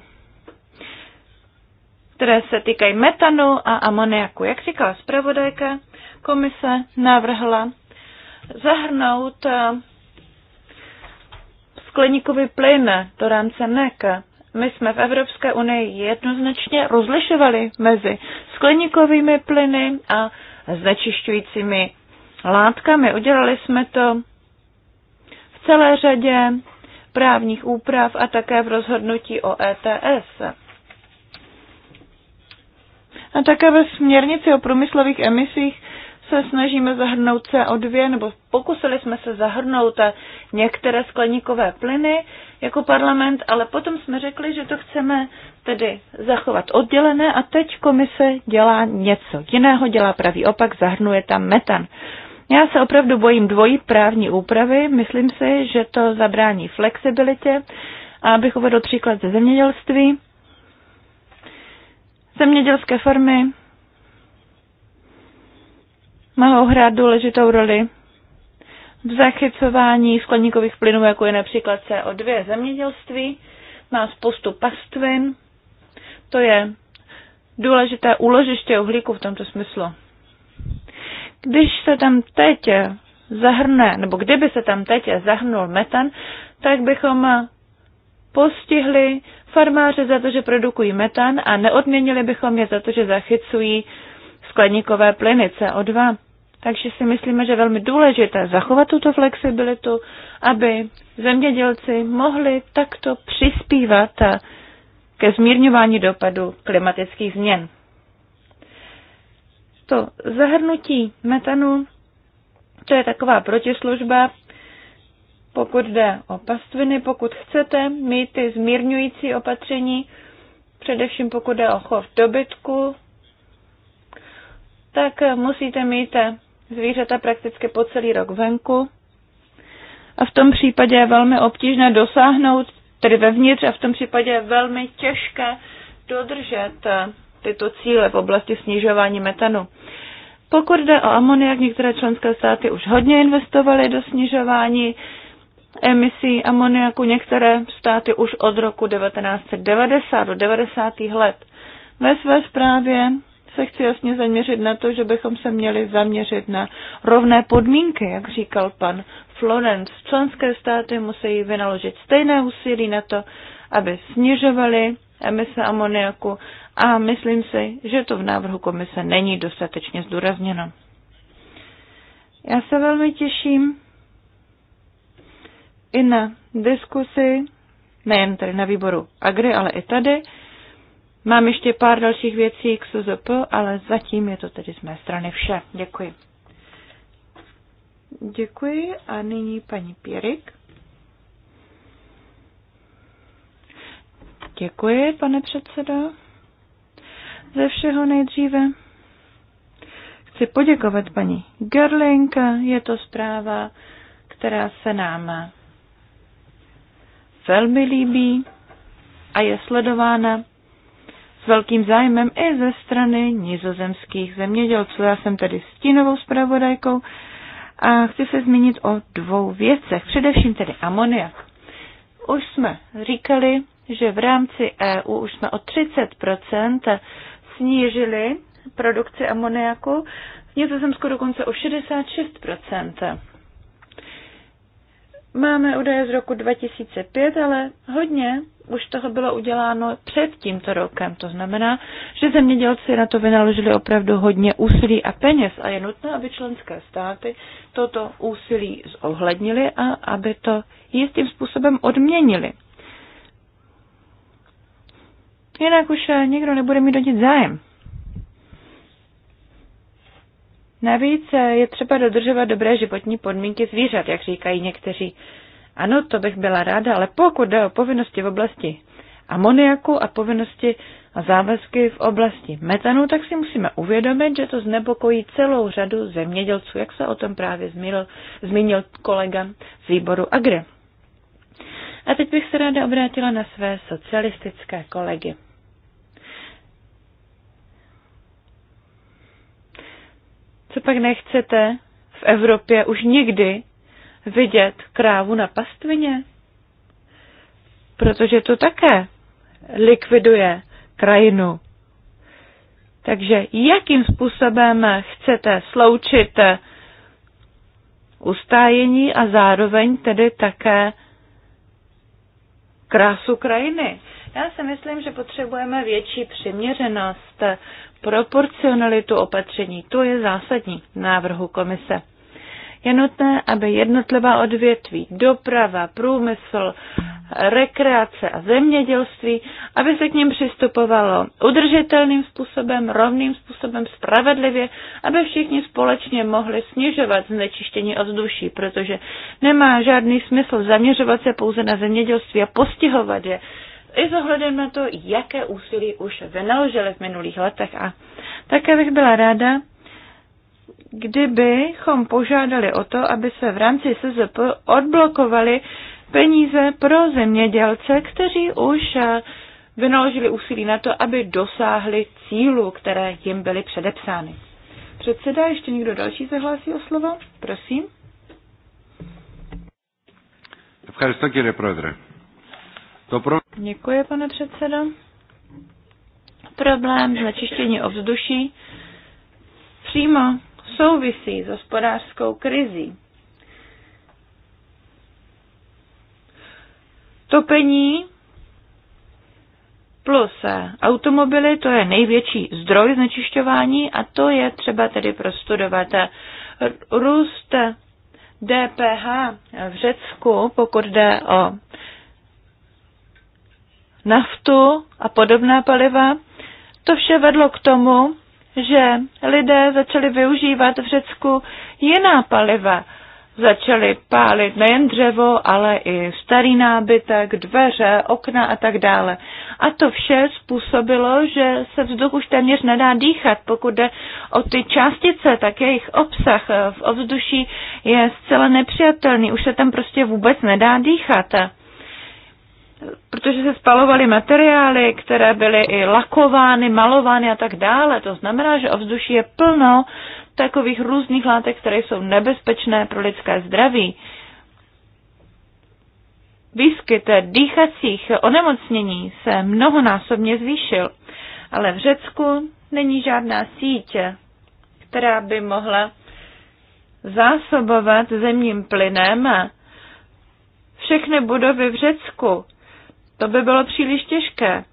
které se týkají metanu a amoniaku. Jak říkala zpravodajka, komise navrhla zahrnout eh, skleníkový plyn do rámce NEC. My jsme v Evropské unii jednoznačně rozlišovali mezi skleníkovými plyny a znečišťujícími látkami. Udělali jsme to v celé řadě právních úprav a také v rozhodnutí o ETS. A také ve směrnici o průmyslových emisích se snažíme zahrnout CO2, nebo pokusili jsme se zahrnout některé skleníkové plyny jako parlament, ale potom jsme řekli, že to chceme tedy zachovat oddělené a teď komise dělá něco jiného, dělá pravý opak, zahrnuje tam metan. Já se opravdu bojím dvojí právní úpravy, myslím si, že to zabrání flexibilitě. A abych uvedl příklad ze zemědělství, zemědělské farmy mohou hrát důležitou roli v zachycování skleníkových plynů, jako je například CO2 zemědělství, má spoustu pastvin. To je důležité úložiště uhlíku v tomto smyslu. Když se tam teď zahrne, nebo kdyby se tam teď zahrnul metan, tak bychom postihli farmáře za to, že produkují metan a neodměnili bychom je za to, že zachycují skleníkové plyny CO2. Takže si myslíme, že je velmi důležité zachovat tuto flexibilitu, aby zemědělci mohli takto přispívat ke zmírňování dopadu klimatických změn. To zahrnutí metanu, to je taková protislužba, pokud jde o pastviny, pokud chcete mít ty zmírňující opatření, především pokud jde o chov dobytku, tak musíte mít zvířata prakticky po celý rok venku a v tom případě je velmi obtížné dosáhnout, tedy vevnitř, a v tom případě je velmi těžké dodržet eh, tyto cíle v oblasti snižování metanu. Pokud jde o amoniak, některé členské státy už hodně investovaly do snižování emisí amoniaku, některé státy už od roku 1990 do 90. let. Ve své zprávě se chci jasně zaměřit na to, že bychom se měli zaměřit na rovné podmínky, jak říkal pan Florence. Členské státy musí vynaložit stejné úsilí na to, aby snižovaly emise amoniaku a myslím si, že to v návrhu komise není dostatečně zdůrazněno. Já se velmi těším i na diskusi, nejen tady na výboru Agri, ale i tady, Mám ještě pár dalších věcí k SZP, ale zatím je to tedy z mé strany vše. Děkuji. Děkuji a nyní paní Pěrik. Děkuji, pane předsedo. Ze všeho nejdříve chci poděkovat paní Gerling. Je to zpráva, která se nám velmi líbí a je sledována s velkým zájmem i ze strany nizozemských zemědělců. Já jsem tedy stínovou zpravodajkou a chci se zmínit o dvou věcech, především tedy amoniak. Už jsme říkali, že v rámci EU už jsme o 30% snížili produkci amoniaku, v Nizozemsku dokonce o 66%. Máme údaje z roku 2005, ale hodně už toho bylo uděláno před tímto rokem. To znamená, že zemědělci na to vynaložili opravdu hodně úsilí a peněz a je nutné, aby členské státy toto úsilí zohlednili a aby to jistým způsobem odměnili. Jinak už eh, nikdo nebude mít do zájem. Navíc eh, je třeba dodržovat dobré životní podmínky zvířat, jak říkají někteří. Ano, to bych byla ráda, ale pokud jde o povinnosti v oblasti amoniaku a povinnosti a závazky v oblasti metanu, tak si musíme uvědomit, že to znepokojí celou řadu zemědělců, jak se o tom právě zmínil, zmínil kolega z výboru Agre. A teď bych se ráda obrátila na své socialistické kolegy. Co pak nechcete v Evropě už nikdy vidět krávu na pastvině? Protože to také likviduje krajinu. Takže jakým způsobem chcete sloučit ustájení a zároveň tedy také krásu krajiny? Já si myslím, že potřebujeme větší přiměřenost, proporcionalitu opatření. To je zásadní návrhu komise. Je nutné, aby jednotlivá odvětví, doprava, průmysl, rekreace a zemědělství, aby se k ním přistupovalo udržitelným způsobem, rovným způsobem, spravedlivě, aby všichni společně mohli snižovat znečištění ovzduší, protože nemá žádný smysl zaměřovat se pouze na zemědělství a postihovat je i zohledem na to, jaké úsilí už vynaložili v minulých letech. A také bych byla ráda, kdybychom požádali o to, aby se v rámci SZP odblokovali peníze pro zemědělce, kteří už eh, vynaložili úsilí na to, aby dosáhli cílu, které jim byly předepsány. Předseda, ještě někdo další se hlásí o slovo? Prosím. Ευχαριστώ κύριε Πρόεδρε. Děkuji, pane předsedo. Problém znečištění ovzduší přímo souvisí s hospodářskou krizí. Topení plus automobily, to je největší zdroj znečišťování a to je třeba tedy prostudovat. Růst DPH v Řecku, pokud jde o naftu a podobná paliva. To vše vedlo k tomu, že lidé začali využívat v Řecku jiná paliva. Začali pálit nejen dřevo, ale i starý nábytek, dveře, okna a tak dále. A to vše způsobilo, že se vzduch už téměř nedá dýchat. Pokud jde o ty částice, tak jejich obsah v ovzduší je zcela nepřijatelný. Už se tam prostě vůbec nedá dýchat protože se spalovaly materiály, které byly i lakovány, malovány a tak dále. To znamená, že ovzduší je plno takových různých látek, které jsou nebezpečné pro lidské zdraví. Výskyt dýchacích onemocnění se mnohonásobně zvýšil, ale v Řecku není žádná síť, která by mohla zásobovat zemním plynem všechny budovy v Řecku. To by bylo příliš těžké,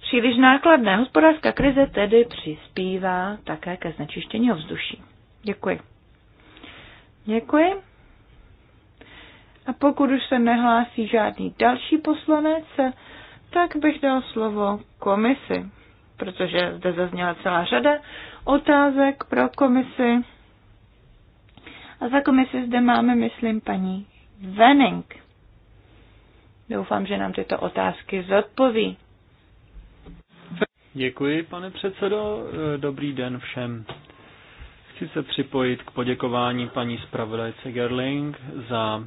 příliš nákladné. Hospodářská krize tedy přispívá také ke znečištění ovzduší. Děkuji. Děkuji. A pokud už se nehlásí žádný další poslanec, tak bych dal slovo komisi, protože zde zazněla celá řada otázek pro komisi. A za komisi zde máme, myslím, paní Venink. Doufám, že nám tyto otázky zodpoví. Děkuji, pane předsedo. Dobrý den všem. Chci se připojit k poděkování paní zpravodajce Gerling za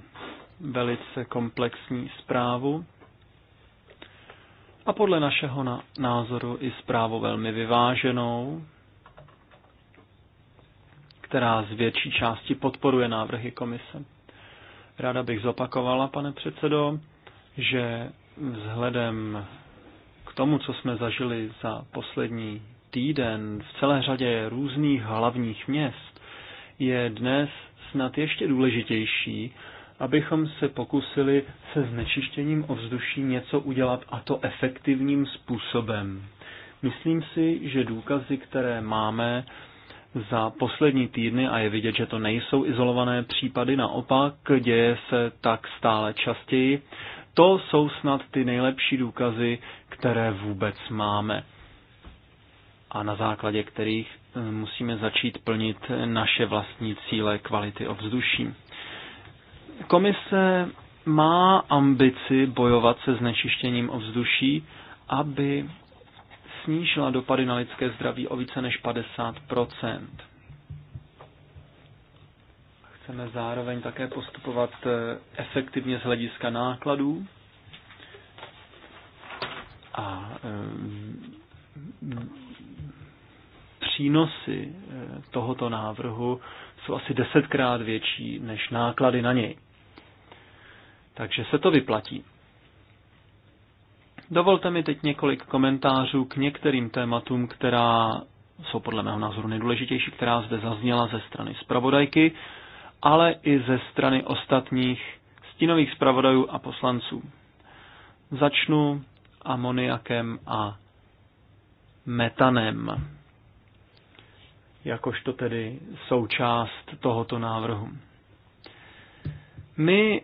velice komplexní zprávu a podle našeho názoru i zprávu velmi vyváženou, která z větší části podporuje návrhy komise. Ráda bych zopakovala, pane předsedo, že vzhledem k tomu, co jsme zažili za poslední týden v celé řadě různých hlavních měst, je dnes snad ještě důležitější, abychom se pokusili se znečištěním ovzduší něco udělat a to efektivním způsobem. Myslím si, že důkazy, které máme za poslední týdny, a je vidět, že to nejsou izolované případy, naopak děje se tak stále častěji, to jsou snad ty nejlepší důkazy, které vůbec máme a na základě kterých eh, musíme začít plnit naše vlastní cíle kvality ovzduší. Komise má ambici bojovat se znečištěním ovzduší, aby snížila dopady na lidské zdraví o více než 50 Chceme zároveň také postupovat eh, efektivně z hlediska nákladů a eh, přínosy eh, tohoto návrhu jsou asi desetkrát větší než náklady na něj. Takže se to vyplatí. Dovolte mi teď několik komentářů k některým tématům, která jsou podle mého názoru nejdůležitější, která zde zazněla ze strany zpravodajky ale i ze strany ostatních stínových zpravodajů a poslanců. Začnu amoniakem a metanem, jakožto tedy součást tohoto návrhu. My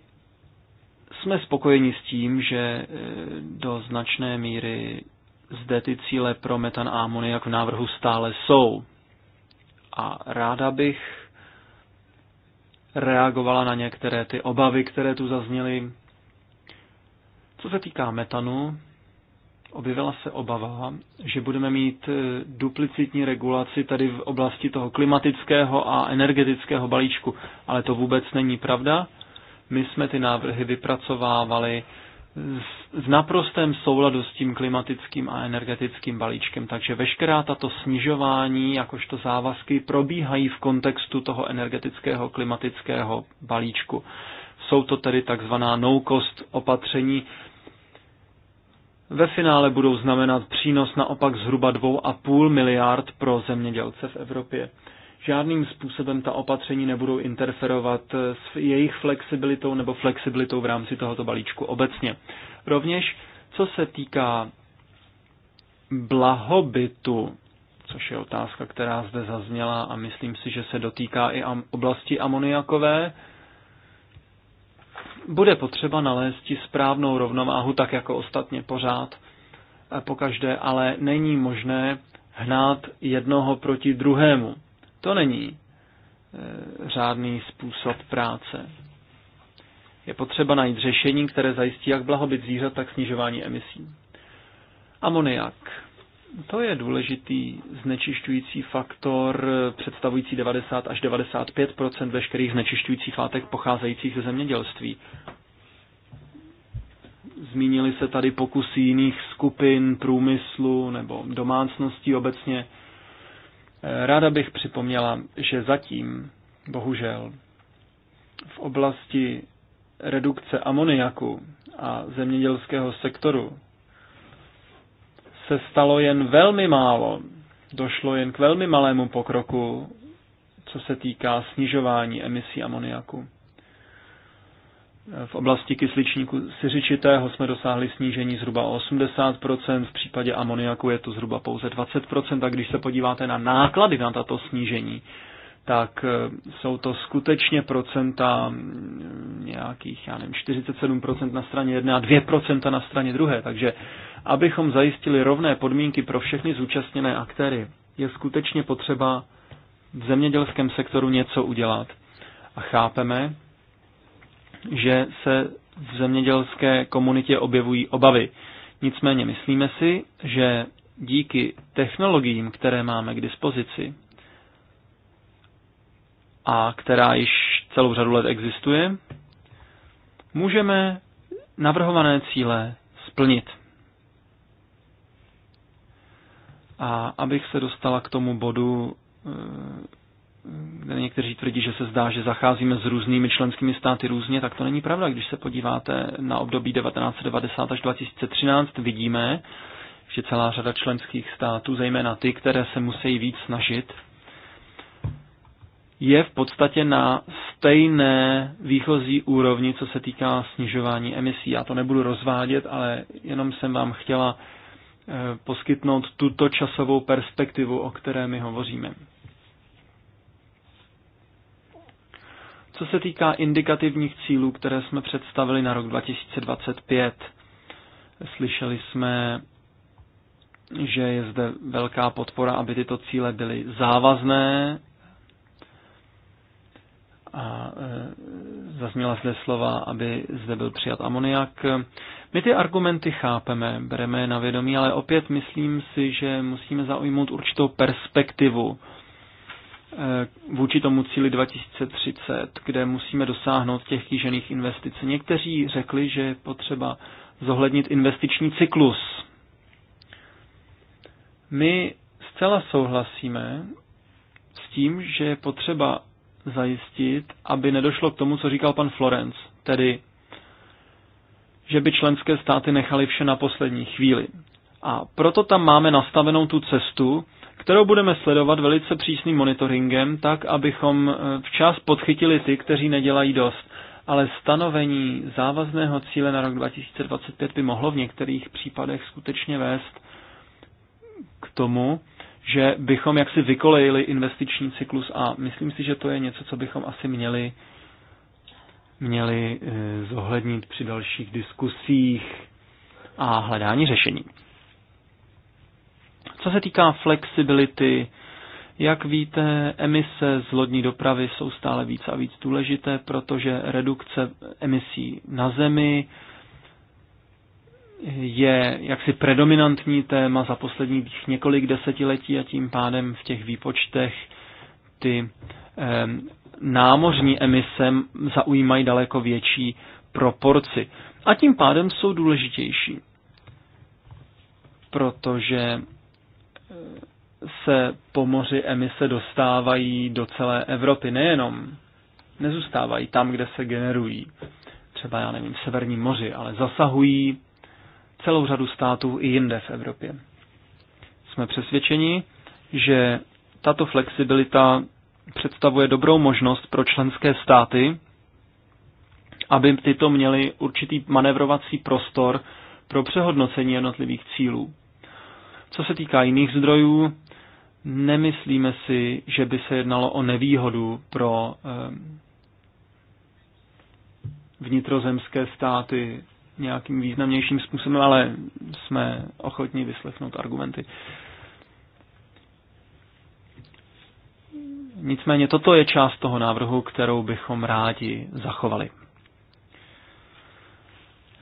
jsme spokojeni s tím, že e, do značné míry zde ty cíle pro metan a amoniak v návrhu stále jsou. A ráda bych reagovala na některé ty obavy, které tu zazněly. Co se týká metanu, objevila se obava, že budeme mít eh, duplicitní regulaci tady v oblasti toho klimatického a energetického balíčku, ale to vůbec není pravda. My jsme ty návrhy vypracovávali v naprostém souladu s tím klimatickým a energetickým balíčkem. Takže veškerá tato snižování, jakožto závazky, probíhají v kontextu toho energetického klimatického balíčku. Jsou to tedy takzvaná no-cost opatření. Ve finále budou znamenat přínos naopak zhruba 2,5 miliard pro zemědělce v Evropě žádným způsobem ta opatření nebudou interferovat s jejich flexibilitou nebo flexibilitou v rámci tohoto balíčku obecně. Rovněž, co se týká blahobytu, což je otázka, která zde zazněla a myslím si, že se dotýká i oblasti amoniakové, bude potřeba nalézt správnou rovnováhu, tak jako ostatně pořád, eh, pokaždé, ale není možné hnát jednoho proti druhému. To není eh, řádný způsob práce. Je potřeba najít řešení, které zajistí jak blahobyt zvířat, tak snižování emisí. Amoniak. To je důležitý znečišťující faktor, eh, představující 90 až 95 veškerých znečišťujících látek pocházejících ze zemědělství. Zmínili se tady pokusy jiných skupin průmyslu nebo domácností obecně Ráda bych připomněla, že zatím, bohužel, v oblasti redukce amoniaku a zemědělského sektoru se stalo jen velmi málo. Došlo jen k velmi malému pokroku, co se týká snižování emisí amoniaku. V oblasti kysličníku siřičitého jsme dosáhli snížení zhruba o 80%, v případě amoniaku je to zhruba pouze 20%, a když se podíváte na náklady na tato snížení, tak e, jsou to skutečně procenta nějakých, já nevím, 47% na straně jedné a 2% na straně druhé. Takže abychom zajistili rovné podmínky pro všechny zúčastněné aktéry, je skutečně potřeba v zemědělském sektoru něco udělat. A chápeme, že se v zemědělské komunitě objevují obavy. Nicméně myslíme si, že díky technologiím, které máme k dispozici a která již celou řadu let existuje, můžeme navrhované cíle splnit. A abych se dostala k tomu bodu, eh, někteří tvrdí, že se zdá, že zacházíme s různými členskými státy různě, tak to není pravda. Když se podíváte na období 1990 až 2013, vidíme, že celá řada členských států, zejména ty, které se musí víc snažit, je v podstatě na stejné výchozí úrovni, co se týká snižování emisí. Já to nebudu rozvádět, ale jenom jsem vám chtěla eh, poskytnout tuto časovou perspektivu, o které my hovoříme. Co se týká indikativních cílů, které jsme představili na rok 2025, slyšeli jsme, že je zde velká podpora, aby tyto cíle byly závazné. A e, zazněla zde slova, aby zde byl přijat amoniak. My ty argumenty chápeme, bereme je na vědomí, ale opět myslím si, že musíme zaujmout určitou perspektivu Eh, vůči tomu cíli 2030, kde musíme dosáhnout těch kýžených investic. Někteří řekli, že je potřeba zohlednit investiční cyklus. My zcela souhlasíme s tím, že je potřeba zajistit, aby nedošlo k tomu, co říkal pan Florence, tedy že by členské státy nechali vše na poslední chvíli. A proto tam máme nastavenou tu cestu, kterou budeme sledovat velice přísným monitoringem, tak abychom eh, včas podchytili ty, kteří nedělají dost. Ale stanovení závazného cíle na rok 2025 by mohlo v některých případech skutečně vést k tomu, že bychom jaksi vykolejili investiční cyklus a myslím si, že to je něco, co bychom asi měli, měli eh, zohlednit při dalších diskusích a hledání řešení. Co se týká flexibility, jak víte, emise z lodní dopravy jsou stále víc a víc důležité, protože redukce emisí na zemi je jaksi predominantní téma za posledních několik desetiletí a tím pádem v těch výpočtech ty eh, námořní emise zaujímají daleko větší proporci. A tím pádem jsou důležitější, protože se po moři emise dostávají do celé Evropy. Nejenom nezůstávají tam, kde se generují, třeba já nevím, v Severním moři, ale zasahují celou řadu států i jinde v Evropě. Jsme přesvědčeni, že tato flexibilita představuje dobrou možnost pro členské státy, aby tyto měly určitý manevrovací prostor pro přehodnocení jednotlivých cílů. Co se týká jiných zdrojů, nemyslíme si, že by se jednalo o nevýhodu pro ehm, vnitrozemské státy nějakým významnějším způsobem, ale jsme ochotní vyslechnout argumenty. Nicméně toto je část toho návrhu, kterou bychom rádi zachovali.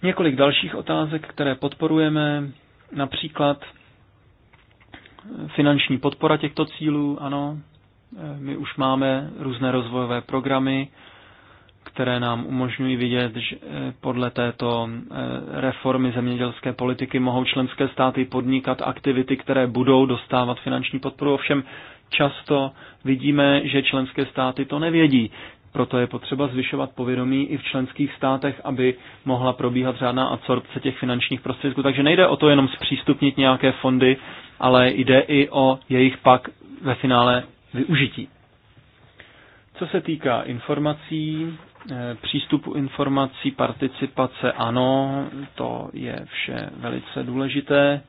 Několik dalších otázek, které podporujeme, například Finanční podpora těchto cílů, ano. Eh, my už máme různé rozvojové programy, které nám umožňují vidět, že eh, podle této eh, reformy zemědělské politiky mohou členské státy podnikat aktivity, které budou dostávat finanční podporu. Ovšem často vidíme, že členské státy to nevědí. Proto je potřeba zvyšovat povědomí i v členských státech, aby mohla probíhat řádná absorpce těch finančních prostředků. Takže nejde o to jenom zpřístupnit nějaké fondy, ale jde i o jejich pak ve finále využití. Co se týká informací, eh, přístupu informací, participace, ano, to je vše velice důležité.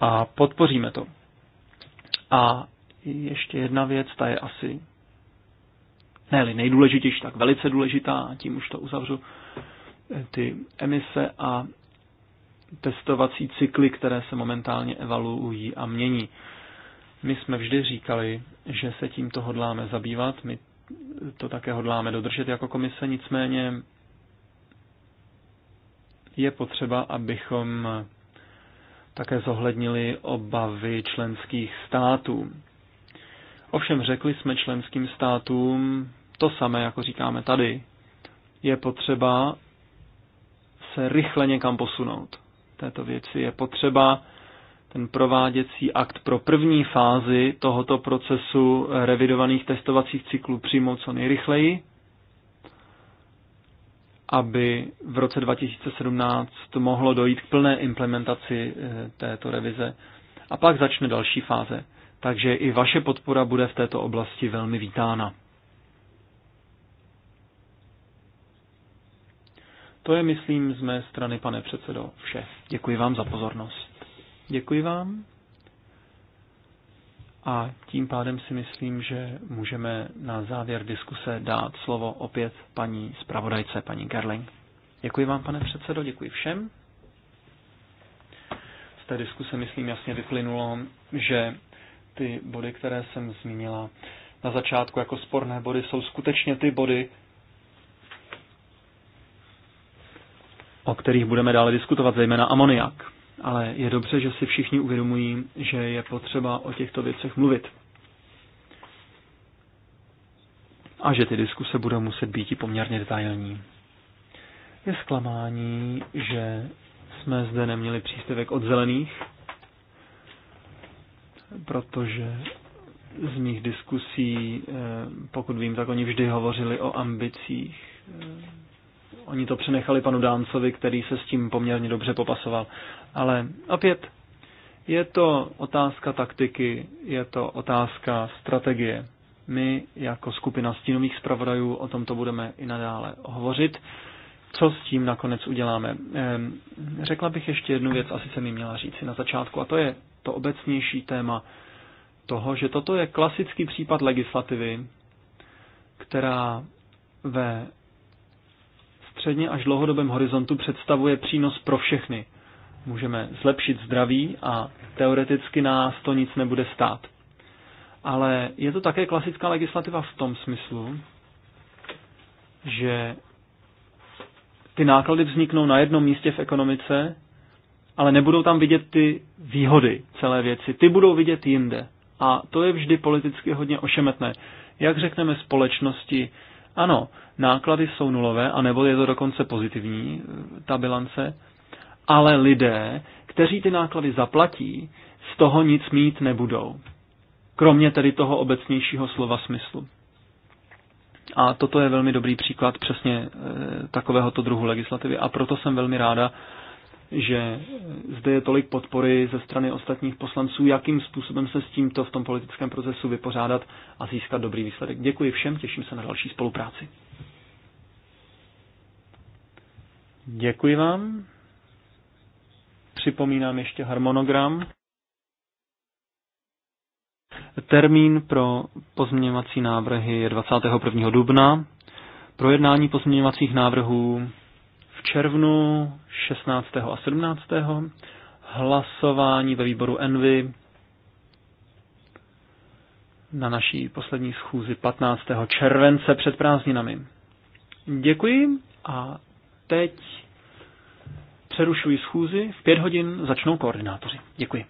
A podpoříme to. A ještě jedna věc, ta je asi ne nejdůležitější, tak velice důležitá, tím už to uzavřu, eh, ty emise a testovací cykly, které se momentálně evaluují a mění. My jsme vždy říkali, že se tímto hodláme zabývat, my to také hodláme dodržet jako komise, nicméně je potřeba, abychom také zohlednili obavy členských států. Ovšem řekli jsme členským státům to samé, jako říkáme tady. Je potřeba se rychle někam posunout. Této věci je potřeba ten prováděcí akt pro první fázi tohoto procesu revidovaných testovacích cyklů přijmout co nejrychleji aby v roce 2017 mohlo dojít k plné implementaci eh, této revize. A pak začne další fáze. Takže i vaše podpora bude v této oblasti velmi vítána. To je, myslím, z mé strany, pane předsedo, vše. Děkuji vám za pozornost. Děkuji vám. A tím pádem si myslím, že můžeme na závěr diskuse dát slovo opět paní zpravodajce, paní Gerling. Děkuji vám, pane předsedo, děkuji všem. Z té diskuse, myslím, jasně vyplynulo, že ty body, které jsem zmínila na začátku jako sporné body, jsou skutečně ty body, o kterých budeme dále diskutovat, zejména amoniak ale je dobře, že si všichni uvědomují, že je potřeba o těchto věcech mluvit. A že ty diskuse budou muset být i poměrně detailní. Je zklamání, že jsme zde neměli příspěvek od zelených, protože z mých diskusí, eh, pokud vím, tak oni vždy hovořili o ambicích. Eh, oni to přenechali panu Dáncovi, který se s tím poměrně dobře popasoval. Ale opět, je to otázka taktiky, je to otázka strategie. My jako skupina stínových zpravodajů o tomto budeme i nadále hovořit. Co s tím nakonec uděláme? Ehm, řekla bych ještě jednu věc, asi se mi měla říci na začátku, a to je to obecnější téma toho, že toto je klasický případ legislativy, která ve středně až dlouhodobém horizontu představuje přínos pro všechny – můžeme zlepšit zdraví a teoreticky nás to nic nebude stát. Ale je to také klasická legislativa v tom smyslu, že ty náklady vzniknou na jednom místě v ekonomice, ale nebudou tam vidět ty výhody celé věci. Ty budou vidět jinde. A to je vždy politicky hodně ošemetné. Jak řekneme společnosti, ano, náklady jsou nulové, anebo je to dokonce pozitivní, eh, ta bilance, ale lidé, kteří ty náklady zaplatí, z toho nic mít nebudou. Kromě tedy toho obecnějšího slova smyslu. A toto je velmi dobrý příklad přesně eh, takovéhoto druhu legislativy a proto jsem velmi ráda, že zde je tolik podpory ze strany ostatních poslanců, jakým způsobem se s tímto v tom politickém procesu vypořádat a získat dobrý výsledek. Děkuji všem, těším se na další spolupráci. Děkuji vám. Připomínám ještě harmonogram. Termín pro pozměňovací návrhy je 21. dubna. Projednání pozměňovacích návrhů v červnu 16. a 17. Hlasování ve výboru Envy na naší poslední schůzi 15. července před prázdninami. Děkuji a teď Přerušuji schůzi, v pět hodin začnou koordinátoři. Děkuji.